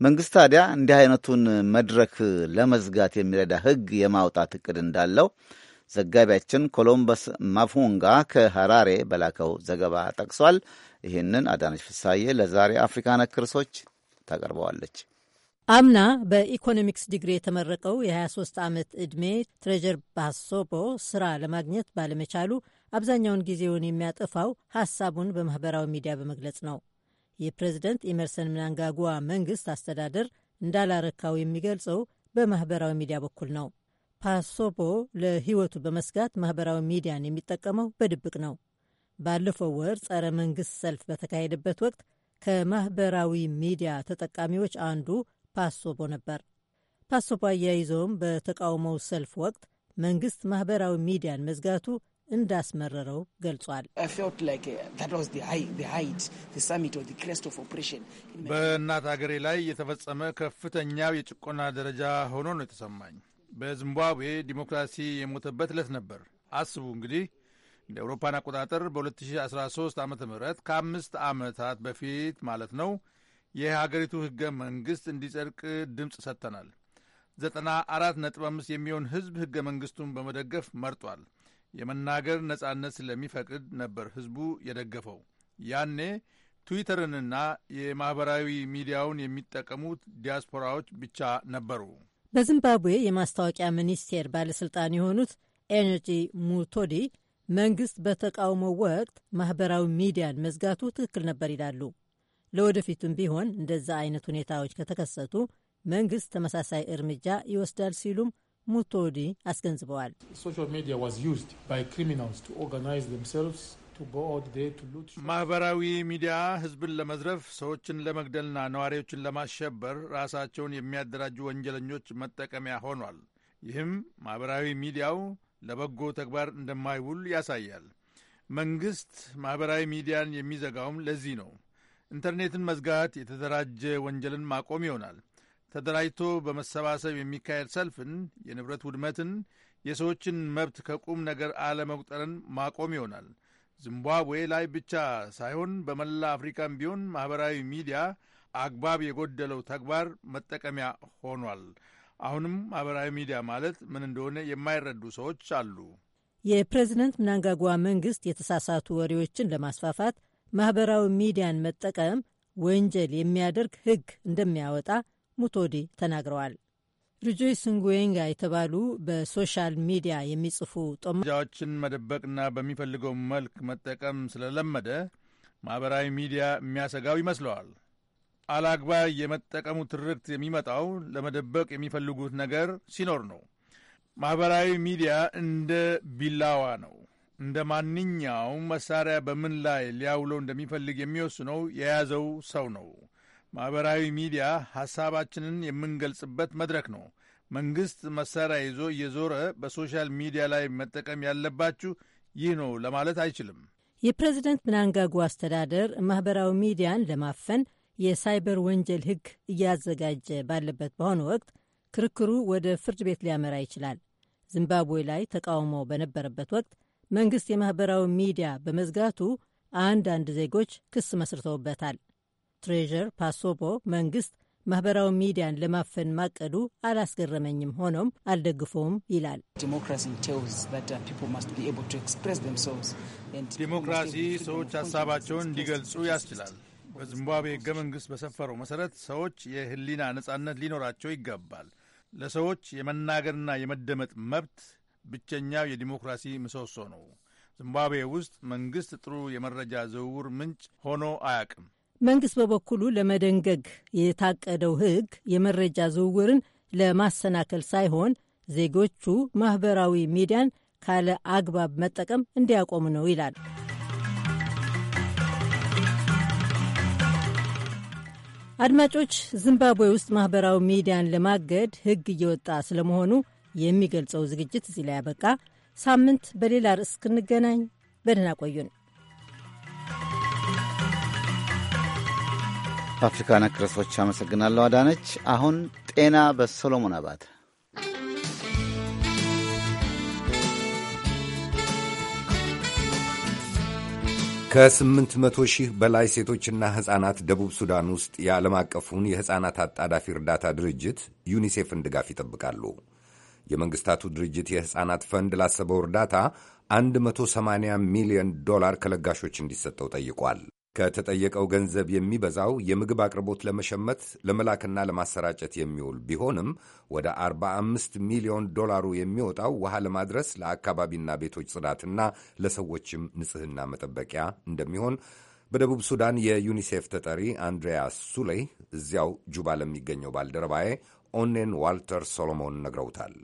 መንግስት ታዲያ እንዲህ አይነቱን መድረክ ለመዝጋት የሚረዳ ህግ የማውጣት እቅድ እንዳለው ዘጋቢያችን ኮሎምበስ ማፉንጋ ከሐራሬ በላከው ዘገባ ጠቅሷል። ይህንን አዳነች ፍሳዬ ለዛሬ አፍሪካ ነክ ርዕሶች ታቀርበዋለች። አምና በኢኮኖሚክስ ዲግሪ የተመረቀው የ23 ዓመት ዕድሜ ትሬጀር ባሶቦ ስራ ለማግኘት ባለመቻሉ አብዛኛውን ጊዜውን የሚያጠፋው ሀሳቡን በማኅበራዊ ሚዲያ በመግለጽ ነው። የፕሬዝደንት ኢመርሰን ምናንጋጓ መንግስት አስተዳደር እንዳላረካው የሚገልጸው በማህበራዊ ሚዲያ በኩል ነው። ፓሶቦ ለህይወቱ በመስጋት ማህበራዊ ሚዲያን የሚጠቀመው በድብቅ ነው። ባለፈው ወር ጸረ መንግስት ሰልፍ በተካሄደበት ወቅት ከማህበራዊ ሚዲያ ተጠቃሚዎች አንዱ ፓሶቦ ነበር። ፓሶቦ አያይዘውም በተቃውሞው ሰልፍ ወቅት መንግስት ማህበራዊ ሚዲያን መዝጋቱ እንዳስመረረው ገልጿል። uh, በእናት አገሬ ላይ የተፈጸመ ከፍተኛው የጭቆና ደረጃ ሆኖ ነው የተሰማኝ። በዚምባብዌ ዲሞክራሲ የሞተበት ዕለት ነበር። አስቡ እንግዲህ እንደ አውሮፓን አቆጣጠር በ2013 ዓ ም ከአምስት ዓመታት በፊት ማለት ነው የሀገሪቱ ሕገ መንግሥት እንዲጸድቅ ድምፅ ሰጥተናል። አምስት የሚሆን ሕዝብ ሕገ መንግሥቱን በመደገፍ መርጧል። የመናገር ነጻነት ስለሚፈቅድ ነበር ህዝቡ የደገፈው። ያኔ ትዊተርንና የማኅበራዊ ሚዲያውን የሚጠቀሙት ዲያስፖራዎች ብቻ ነበሩ። በዚምባብዌ የማስታወቂያ ሚኒስቴር ባለሥልጣን የሆኑት ኤነርጂ ሙቶዲ መንግሥት በተቃውሞው ወቅት ማኅበራዊ ሚዲያን መዝጋቱ ትክክል ነበር ይላሉ። ለወደፊቱም ቢሆን እንደዛ አይነት ሁኔታዎች ከተከሰቱ መንግሥት ተመሳሳይ እርምጃ ይወስዳል ሲሉም ሙቶዲ አስገንዝበዋል። ማህበራዊ ሚዲያ ህዝብን ለመዝረፍ፣ ሰዎችን ለመግደልና ነዋሪዎችን ለማሸበር ራሳቸውን የሚያደራጁ ወንጀለኞች መጠቀሚያ ሆኗል። ይህም ማህበራዊ ሚዲያው ለበጎ ተግባር እንደማይውል ያሳያል። መንግሥት ማኅበራዊ ሚዲያን የሚዘጋውም ለዚህ ነው። ኢንተርኔትን መዝጋት የተደራጀ ወንጀልን ማቆም ይሆናል። ተደራጅቶ በመሰባሰብ የሚካሄድ ሰልፍን፣ የንብረት ውድመትን፣ የሰዎችን መብት ከቁም ነገር አለመቁጠርን ማቆም ይሆናል። ዚምባብዌ ላይ ብቻ ሳይሆን በመላ አፍሪካም ቢሆን ማኅበራዊ ሚዲያ አግባብ የጎደለው ተግባር መጠቀሚያ ሆኗል። አሁንም ማኅበራዊ ሚዲያ ማለት ምን እንደሆነ የማይረዱ ሰዎች አሉ። የፕሬዝደንት ምናንጋጓ መንግሥት የተሳሳቱ ወሬዎችን ለማስፋፋት ማኅበራዊ ሚዲያን መጠቀም ወንጀል የሚያደርግ ሕግ እንደሚያወጣ ሙቶዲ ተናግረዋል። ሪጆይ ስንጉዌንጋ የተባሉ በሶሻል ሚዲያ የሚጽፉ ጠመንጃዎችን መደበቅና በሚፈልገው መልክ መጠቀም ስለለመደ ማኅበራዊ ሚዲያ የሚያሰጋው ይመስለዋል። አላግባብ የመጠቀሙ ትርክት የሚመጣው ለመደበቅ የሚፈልጉት ነገር ሲኖር ነው። ማኅበራዊ ሚዲያ እንደ ቢላዋ ነው። እንደ ማንኛውም መሳሪያ በምን ላይ ሊያውለው እንደሚፈልግ የሚወስነው የያዘው ሰው ነው። ማኅበራዊ ሚዲያ ሐሳባችንን የምንገልጽበት መድረክ ነው። መንግሥት መሣሪያ ይዞ እየዞረ በሶሻል ሚዲያ ላይ መጠቀም ያለባችሁ ይህ ነው ለማለት አይችልም። የፕሬዝደንት ምናንጋጉ አስተዳደር ማኅበራዊ ሚዲያን ለማፈን የሳይበር ወንጀል ሕግ እያዘጋጀ ባለበት በአሁኑ ወቅት ክርክሩ ወደ ፍርድ ቤት ሊያመራ ይችላል። ዚምባብዌ ላይ ተቃውሞ በነበረበት ወቅት መንግሥት የማኅበራዊ ሚዲያ በመዝጋቱ አንዳንድ ዜጎች ክስ መስርተውበታል። ትሬር ፓሶቦ መንግስት ማህበራዊ ሚዲያን ለማፈን ማቀዱ አላስገረመኝም፣ ሆኖም አልደግፈውም ይላል። uh, ዲሞክራሲ ሰዎች ሀሳባቸውን እንዲገልጹ ያስችላል። በዚምባብዌ ህገ መንግስት በሰፈረው መሰረት ሰዎች የህሊና ነጻነት ሊኖራቸው ይገባል። ለሰዎች የመናገርና የመደመጥ መብት ብቸኛው የዲሞክራሲ ምሰሶ ነው። ዚምባብዌ ውስጥ መንግስት ጥሩ የመረጃ ዝውውር ምንጭ ሆኖ አያውቅም። መንግስት በበኩሉ ለመደንገግ የታቀደው ህግ የመረጃ ዝውውርን ለማሰናከል ሳይሆን ዜጎቹ ማኅበራዊ ሚዲያን ካለ አግባብ መጠቀም እንዲያቆሙ ነው ይላል። አድማጮች፣ ዚምባብዌ ውስጥ ማኅበራዊ ሚዲያን ለማገድ ህግ እየወጣ ስለመሆኑ የሚገልጸው ዝግጅት እዚህ ላይ ያበቃ። ሳምንት በሌላ ርዕስ እስክንገናኝ በደህና ቆዩን። በአፍሪካ ነክ ርዕሶች አመሰግናለሁ አዳነች። አሁን ጤና በሰሎሞን አባት ከስምንት መቶ ሺህ በላይ ሴቶችና ሕፃናት ደቡብ ሱዳን ውስጥ የዓለም አቀፉን የሕፃናት አጣዳፊ እርዳታ ድርጅት ዩኒሴፍን ድጋፍ ይጠብቃሉ። የመንግሥታቱ ድርጅት የሕፃናት ፈንድ ላሰበው እርዳታ 180 ሚሊዮን ዶላር ከለጋሾች እንዲሰጠው ጠይቋል። ከተጠየቀው ገንዘብ የሚበዛው የምግብ አቅርቦት ለመሸመት ለመላክና ለማሰራጨት የሚውል ቢሆንም ወደ 45 ሚሊዮን ዶላሩ የሚወጣው ውሃ ለማድረስ ለአካባቢና ቤቶች ጽዳትና ለሰዎችም ንጽህና መጠበቂያ እንደሚሆን በደቡብ ሱዳን የዩኒሴፍ ተጠሪ አንድሪያስ ሱሌይ እዚያው ጁባ ለሚገኘው ባልደረባዬ ኦኔን ዋልተር ሶሎሞን ነግረውታል።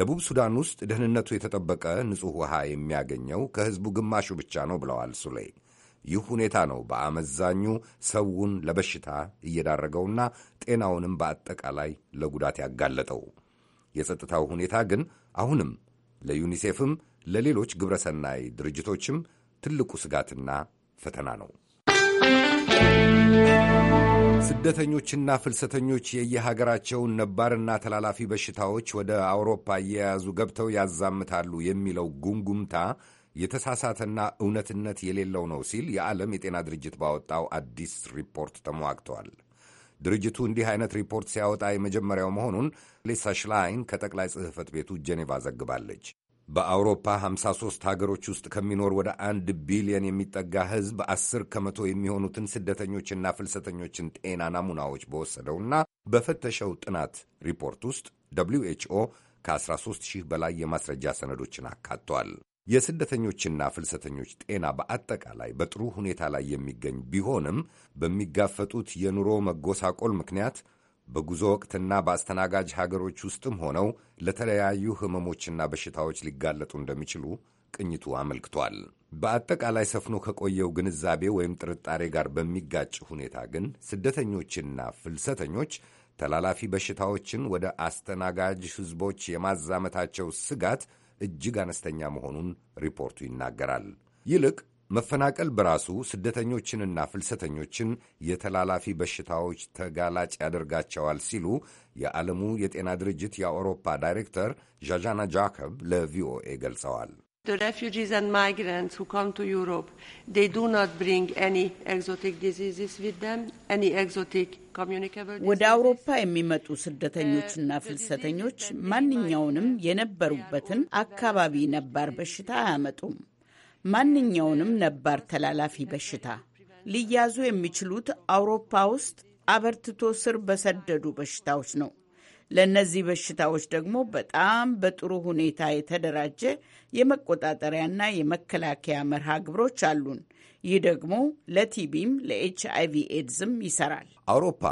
ደቡብ ሱዳን ውስጥ ደህንነቱ የተጠበቀ ንጹሕ ውሃ የሚያገኘው ከሕዝቡ ግማሹ ብቻ ነው ብለዋል ሱሌይ። ይህ ሁኔታ ነው በአመዛኙ ሰውን ለበሽታ እየዳረገውና ጤናውንም በአጠቃላይ ለጉዳት ያጋለጠው። የጸጥታው ሁኔታ ግን አሁንም ለዩኒሴፍም ለሌሎች ግብረሰናይ ድርጅቶችም ትልቁ ስጋትና ፈተና ነው። ስደተኞችና ፍልሰተኞች የየሀገራቸውን ነባርና ተላላፊ በሽታዎች ወደ አውሮፓ እየያዙ ገብተው ያዛምታሉ የሚለው ጉምጉምታ የተሳሳተና እውነትነት የሌለው ነው ሲል የዓለም የጤና ድርጅት ባወጣው አዲስ ሪፖርት ተሟግተዋል። ድርጅቱ እንዲህ አይነት ሪፖርት ሲያወጣ የመጀመሪያው መሆኑን ሌሳ ሽላይን ከጠቅላይ ጽሕፈት ቤቱ ጄኔቫ ዘግባለች። በአውሮፓ 53 ሀገሮች ውስጥ ከሚኖር ወደ አንድ ቢሊየን የሚጠጋ ሕዝብ 10 ከመቶ የሚሆኑትን ስደተኞችና ፍልሰተኞችን ጤና ናሙናዎች በወሰደውና በፈተሸው ጥናት ሪፖርት ውስጥ ደብሊው ኤች ኦ ከ13 ሺህ በላይ የማስረጃ ሰነዶችን አካቷል። የስደተኞችና ፍልሰተኞች ጤና በአጠቃላይ በጥሩ ሁኔታ ላይ የሚገኝ ቢሆንም በሚጋፈጡት የኑሮ መጎሳቆል ምክንያት በጉዞ ወቅትና በአስተናጋጅ ሀገሮች ውስጥም ሆነው ለተለያዩ ህመሞችና በሽታዎች ሊጋለጡ እንደሚችሉ ቅኝቱ አመልክቷል። በአጠቃላይ ሰፍኖ ከቆየው ግንዛቤ ወይም ጥርጣሬ ጋር በሚጋጭ ሁኔታ ግን ስደተኞችና ፍልሰተኞች ተላላፊ በሽታዎችን ወደ አስተናጋጅ ህዝቦች የማዛመታቸው ስጋት እጅግ አነስተኛ መሆኑን ሪፖርቱ ይናገራል። ይልቅ መፈናቀል በራሱ ስደተኞችንና ፍልሰተኞችን የተላላፊ በሽታዎች ተጋላጭ ያደርጋቸዋል ሲሉ የዓለሙ የጤና ድርጅት የአውሮፓ ዳይሬክተር ዣዣና ጃከብ ለቪኦኤ ገልጸዋል። the refugees and migrants who come to Europe, they do not bring any exotic diseases with them, any exotic ወደ አውሮፓ የሚመጡ ስደተኞችና uh, ፍልሰተኞች ማንኛውንም የነበሩበትን አካባቢ ነባር በሽታ አያመጡም። ማንኛውንም ነባር ተላላፊ በሽታ ሊያዙ የሚችሉት አውሮፓ ውስጥ አበርትቶ ስር በሰደዱ በሽታዎች ነው። ለእነዚህ በሽታዎች ደግሞ በጣም በጥሩ ሁኔታ የተደራጀ የመቆጣጠሪያና የመከላከያ መርሃ ግብሮች አሉን። ይህ ደግሞ ለቲቢም ለኤች አይቪ ኤድዝም ይሰራል። አውሮፓ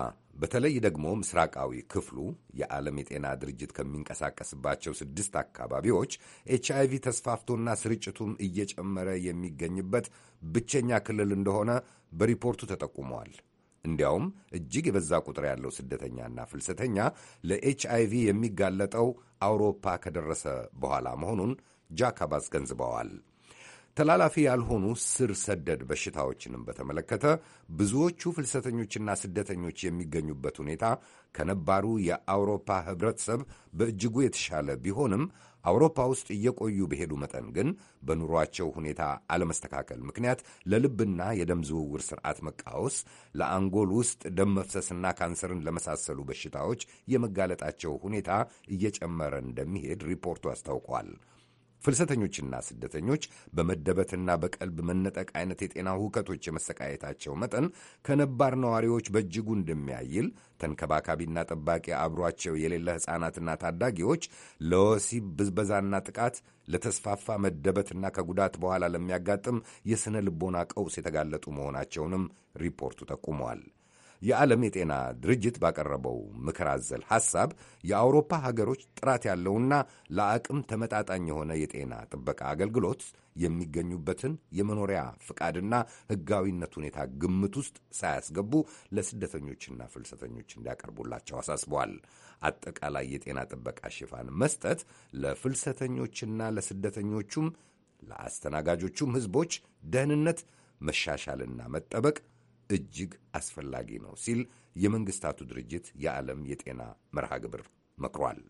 በተለይ ደግሞ ምስራቃዊ ክፍሉ የዓለም የጤና ድርጅት ከሚንቀሳቀስባቸው ስድስት አካባቢዎች ኤች አይቪ ተስፋፍቶና ስርጭቱም እየጨመረ የሚገኝበት ብቸኛ ክልል እንደሆነ በሪፖርቱ ተጠቁመዋል። እንዲያውም እጅግ የበዛ ቁጥር ያለው ስደተኛና ፍልሰተኛ ለኤች ቪ የሚጋለጠው አውሮፓ ከደረሰ በኋላ መሆኑን ጃካብ አስገንዝበዋል። ተላላፊ ያልሆኑ ስር ሰደድ በሽታዎችንም በተመለከተ ብዙዎቹ ፍልሰተኞችና ስደተኞች የሚገኙበት ሁኔታ ከነባሩ የአውሮፓ ህብረተሰብ በእጅጉ የተሻለ ቢሆንም አውሮፓ ውስጥ እየቆዩ በሄዱ መጠን ግን በኑሯቸው ሁኔታ አለመስተካከል ምክንያት ለልብና የደም ዝውውር ስርዓት መቃወስ፣ ለአንጎል ውስጥ ደም መፍሰስና ካንሰርን ለመሳሰሉ በሽታዎች የመጋለጣቸው ሁኔታ እየጨመረ እንደሚሄድ ሪፖርቱ አስታውቋል። ፍልሰተኞችና ስደተኞች በመደበትና በቀልብ መነጠቅ አይነት የጤና ሁከቶች የመሰቃየታቸው መጠን ከነባር ነዋሪዎች በእጅጉ እንደሚያይል ተንከባካቢና ጠባቂ አብሯቸው የሌለ ሕፃናትና ታዳጊዎች ለወሲብ ብዝበዛና ጥቃት ለተስፋፋ መደበትና ከጉዳት በኋላ ለሚያጋጥም የሥነ ልቦና ቀውስ የተጋለጡ መሆናቸውንም ሪፖርቱ ጠቁመዋል። የዓለም የጤና ድርጅት ባቀረበው ምክር አዘል ሐሳብ የአውሮፓ ሀገሮች ጥራት ያለውና ለአቅም ተመጣጣኝ የሆነ የጤና ጥበቃ አገልግሎት የሚገኙበትን የመኖሪያ ፍቃድና ሕጋዊነት ሁኔታ ግምት ውስጥ ሳያስገቡ ለስደተኞችና ፍልሰተኞች እንዲያቀርቡላቸው አሳስበዋል። አጠቃላይ የጤና ጥበቃ ሽፋን መስጠት ለፍልሰተኞችና ለስደተኞቹም ለአስተናጋጆቹም ሕዝቦች ደህንነት መሻሻልና መጠበቅ እጅግ አስፈላጊ ነው ሲል የመንግስታቱ ድርጅት የዓለም የጤና መርሃ ግብር መክሯል።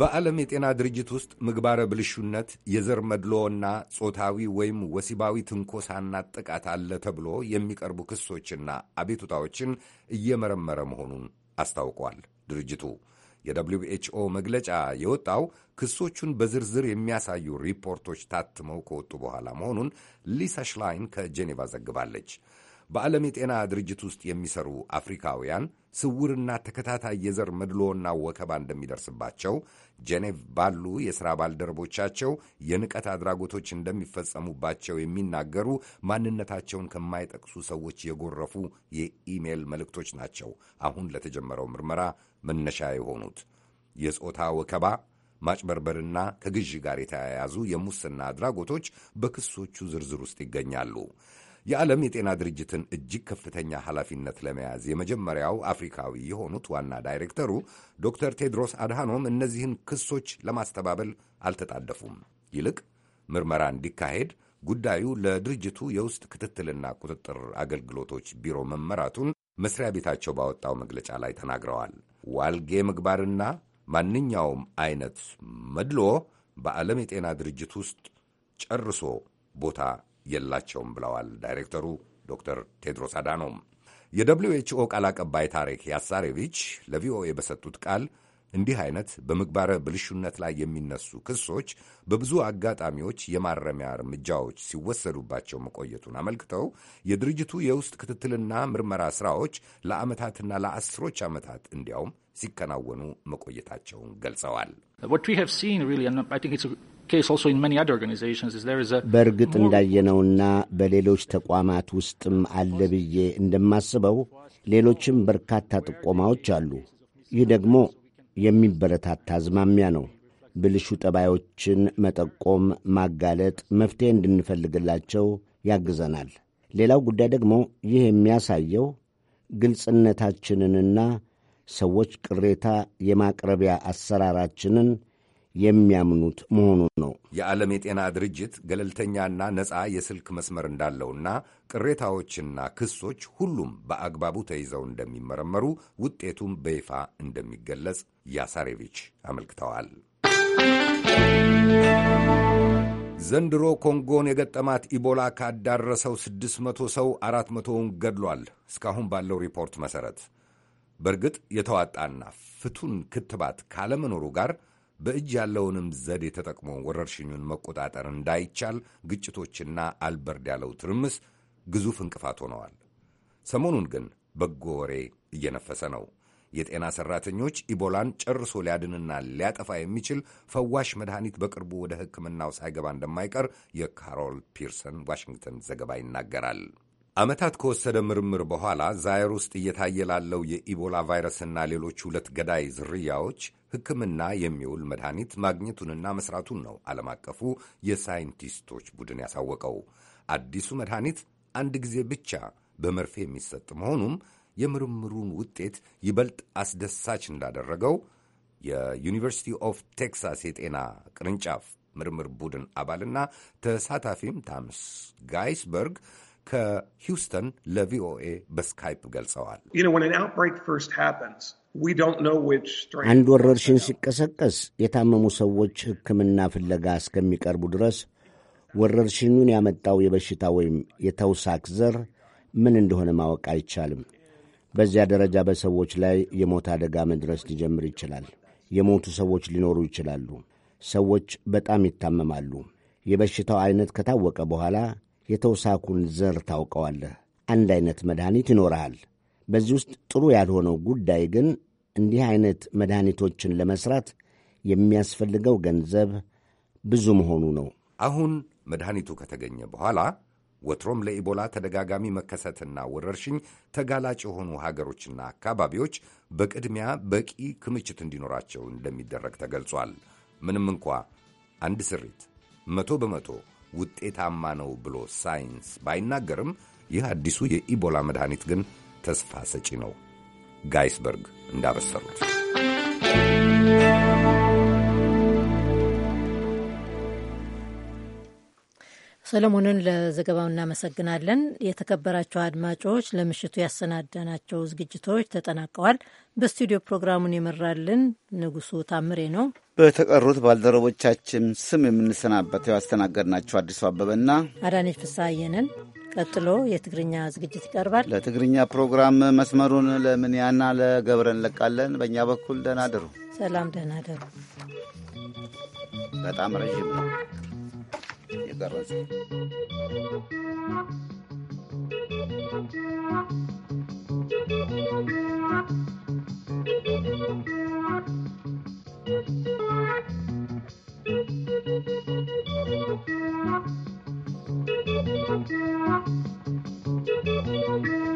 በዓለም የጤና ድርጅት ውስጥ ምግባረ ብልሹነት፣ የዘር መድሎና ጾታዊ ወይም ወሲባዊ ትንኮሳና ጥቃት አለ ተብሎ የሚቀርቡ ክሶችና አቤቱታዎችን እየመረመረ መሆኑን አስታውቋል ድርጅቱ። የደብሊው ኤችኦ መግለጫ የወጣው ክሶቹን በዝርዝር የሚያሳዩ ሪፖርቶች ታትመው ከወጡ በኋላ መሆኑን ሊሳ ሽላይን ከጄኔቫ ዘግባለች። በዓለም የጤና ድርጅት ውስጥ የሚሰሩ አፍሪካውያን ስውርና ተከታታይ የዘር መድሎና ወከባ እንደሚደርስባቸው፣ ጄኔቭ ባሉ የሥራ ባልደረቦቻቸው የንቀት አድራጎቶች እንደሚፈጸሙባቸው የሚናገሩ ማንነታቸውን ከማይጠቅሱ ሰዎች የጎረፉ የኢሜል መልእክቶች ናቸው አሁን ለተጀመረው ምርመራ መነሻ የሆኑት የጾታ ወከባ፣ ማጭበርበርና ከግዢ ጋር የተያያዙ የሙስና አድራጎቶች በክሶቹ ዝርዝር ውስጥ ይገኛሉ። የዓለም የጤና ድርጅትን እጅግ ከፍተኛ ኃላፊነት ለመያዝ የመጀመሪያው አፍሪካዊ የሆኑት ዋና ዳይሬክተሩ ዶክተር ቴድሮስ አድሃኖም እነዚህን ክሶች ለማስተባበል አልተጣደፉም። ይልቅ ምርመራ እንዲካሄድ ጉዳዩ ለድርጅቱ የውስጥ ክትትልና ቁጥጥር አገልግሎቶች ቢሮ መመራቱን መስሪያ ቤታቸው ባወጣው መግለጫ ላይ ተናግረዋል። ዋልጌ ምግባርና ማንኛውም አይነት መድሎ በዓለም የጤና ድርጅት ውስጥ ጨርሶ ቦታ የላቸውም ብለዋል ዳይሬክተሩ ዶክተር ቴድሮስ አዳኖም። የደብሊው ኤችኦ ቃል አቀባይ ታሪክ ያሳሬቪች ለቪኦኤ በሰጡት ቃል እንዲህ አይነት በምግባረ ብልሹነት ላይ የሚነሱ ክሶች በብዙ አጋጣሚዎች የማረሚያ እርምጃዎች ሲወሰዱባቸው መቆየቱን አመልክተው የድርጅቱ የውስጥ ክትትልና ምርመራ ስራዎች ለዓመታትና ለአስሮች ዓመታት እንዲያውም ሲከናወኑ መቆየታቸውን ገልጸዋል። በእርግጥ እንዳየነውና በሌሎች ተቋማት ውስጥም አለ ብዬ እንደማስበው ሌሎችም በርካታ ጥቆማዎች አሉ። ይህ ደግሞ የሚበረታታ አዝማሚያ ነው። ብልሹ ጠባዮችን መጠቆም፣ ማጋለጥ መፍትሄ እንድንፈልግላቸው ያግዘናል። ሌላው ጉዳይ ደግሞ ይህ የሚያሳየው ግልጽነታችንንና ሰዎች ቅሬታ የማቅረቢያ አሰራራችንን የሚያምኑት መሆኑን ነው። የዓለም የጤና ድርጅት ገለልተኛና ነፃ የስልክ መስመር እንዳለውና ቅሬታዎችና ክሶች ሁሉም በአግባቡ ተይዘው እንደሚመረመሩ ውጤቱም በይፋ እንደሚገለጽ ያሳሬቪች አመልክተዋል። ዘንድሮ ኮንጎን የገጠማት ኢቦላ ካዳረሰው 600 ሰው 400ውን ገድሏል። እስካሁን ባለው ሪፖርት መሠረት በእርግጥ የተዋጣና ፍቱን ክትባት ካለመኖሩ ጋር በእጅ ያለውንም ዘዴ ተጠቅሞ ወረርሽኙን መቆጣጠር እንዳይቻል ግጭቶችና አልበርድ ያለው ትርምስ ግዙፍ እንቅፋት ሆነዋል። ሰሞኑን ግን በጎ ወሬ እየነፈሰ ነው። የጤና ሠራተኞች ኢቦላን ጨርሶ ሊያድንና ሊያጠፋ የሚችል ፈዋሽ መድኃኒት በቅርቡ ወደ ሕክምናው ሳይገባ እንደማይቀር የካሮል ፒርሰን ዋሽንግተን ዘገባ ይናገራል። ዓመታት ከወሰደ ምርምር በኋላ ዛየር ውስጥ እየታየ ላለው የኢቦላ ቫይረስና ሌሎች ሁለት ገዳይ ዝርያዎች ሕክምና የሚውል መድኃኒት ማግኘቱንና መስራቱን ነው ዓለም አቀፉ የሳይንቲስቶች ቡድን ያሳወቀው። አዲሱ መድኃኒት አንድ ጊዜ ብቻ በመርፌ የሚሰጥ መሆኑም የምርምሩን ውጤት ይበልጥ አስደሳች እንዳደረገው የዩኒቨርሲቲ ኦፍ ቴክሳስ የጤና ቅርንጫፍ ምርምር ቡድን አባልና ተሳታፊም ታምስ ጋይስበርግ ከሂውስተን ለቪኦኤ በስካይፕ ገልጸዋል። አንድ ወረርሽኝ ሲቀሰቀስ የታመሙ ሰዎች ሕክምና ፍለጋ እስከሚቀርቡ ድረስ ወረርሽኙን ያመጣው የበሽታ ወይም የተውሳክ ዘር ምን እንደሆነ ማወቅ አይቻልም። በዚያ ደረጃ በሰዎች ላይ የሞት አደጋ መድረስ ሊጀምር ይችላል። የሞቱ ሰዎች ሊኖሩ ይችላሉ። ሰዎች በጣም ይታመማሉ። የበሽታው ዐይነት ከታወቀ በኋላ የተውሳኩን ዘር ታውቀዋለህ። አንድ አይነት መድኃኒት ይኖርሃል። በዚህ ውስጥ ጥሩ ያልሆነው ጉዳይ ግን እንዲህ አይነት መድኃኒቶችን ለመሥራት የሚያስፈልገው ገንዘብ ብዙ መሆኑ ነው። አሁን መድኃኒቱ ከተገኘ በኋላ ወትሮም ለኢቦላ ተደጋጋሚ መከሰትና ወረርሽኝ ተጋላጭ የሆኑ ሀገሮችና አካባቢዎች በቅድሚያ በቂ ክምችት እንዲኖራቸው እንደሚደረግ ተገልጿል። ምንም እንኳ አንድ ስሪት መቶ በመቶ ውጤታማ ነው ብሎ ሳይንስ ባይናገርም ይህ አዲሱ የኢቦላ መድኃኒት ግን ተስፋ ሰጪ ነው። ጋይስበርግ እንዳበሰሩት ሰለሞንን ለዘገባው እናመሰግናለን። የተከበራቸው አድማጮች ለምሽቱ ያሰናዳናቸው ዝግጅቶች ተጠናቀዋል። በስቱዲዮ ፕሮግራሙን የመራልን ንጉሱ ታምሬ ነው። በተቀሩት ባልደረቦቻችን ስም የምንሰናበተው ያስተናገድናቸው አዲሱ አበበና አዳነች ፍስሐየንን። ቀጥሎ የትግርኛ ዝግጅት ይቀርባል። ለትግርኛ ፕሮግራም መስመሩን ለምንያና ለገብረ እንለቃለን። በእኛ በኩል ደህና ደሩ። ሰላም፣ ደህና ደሩ። በጣም ረዥም ነው። Недоросль. Thank you.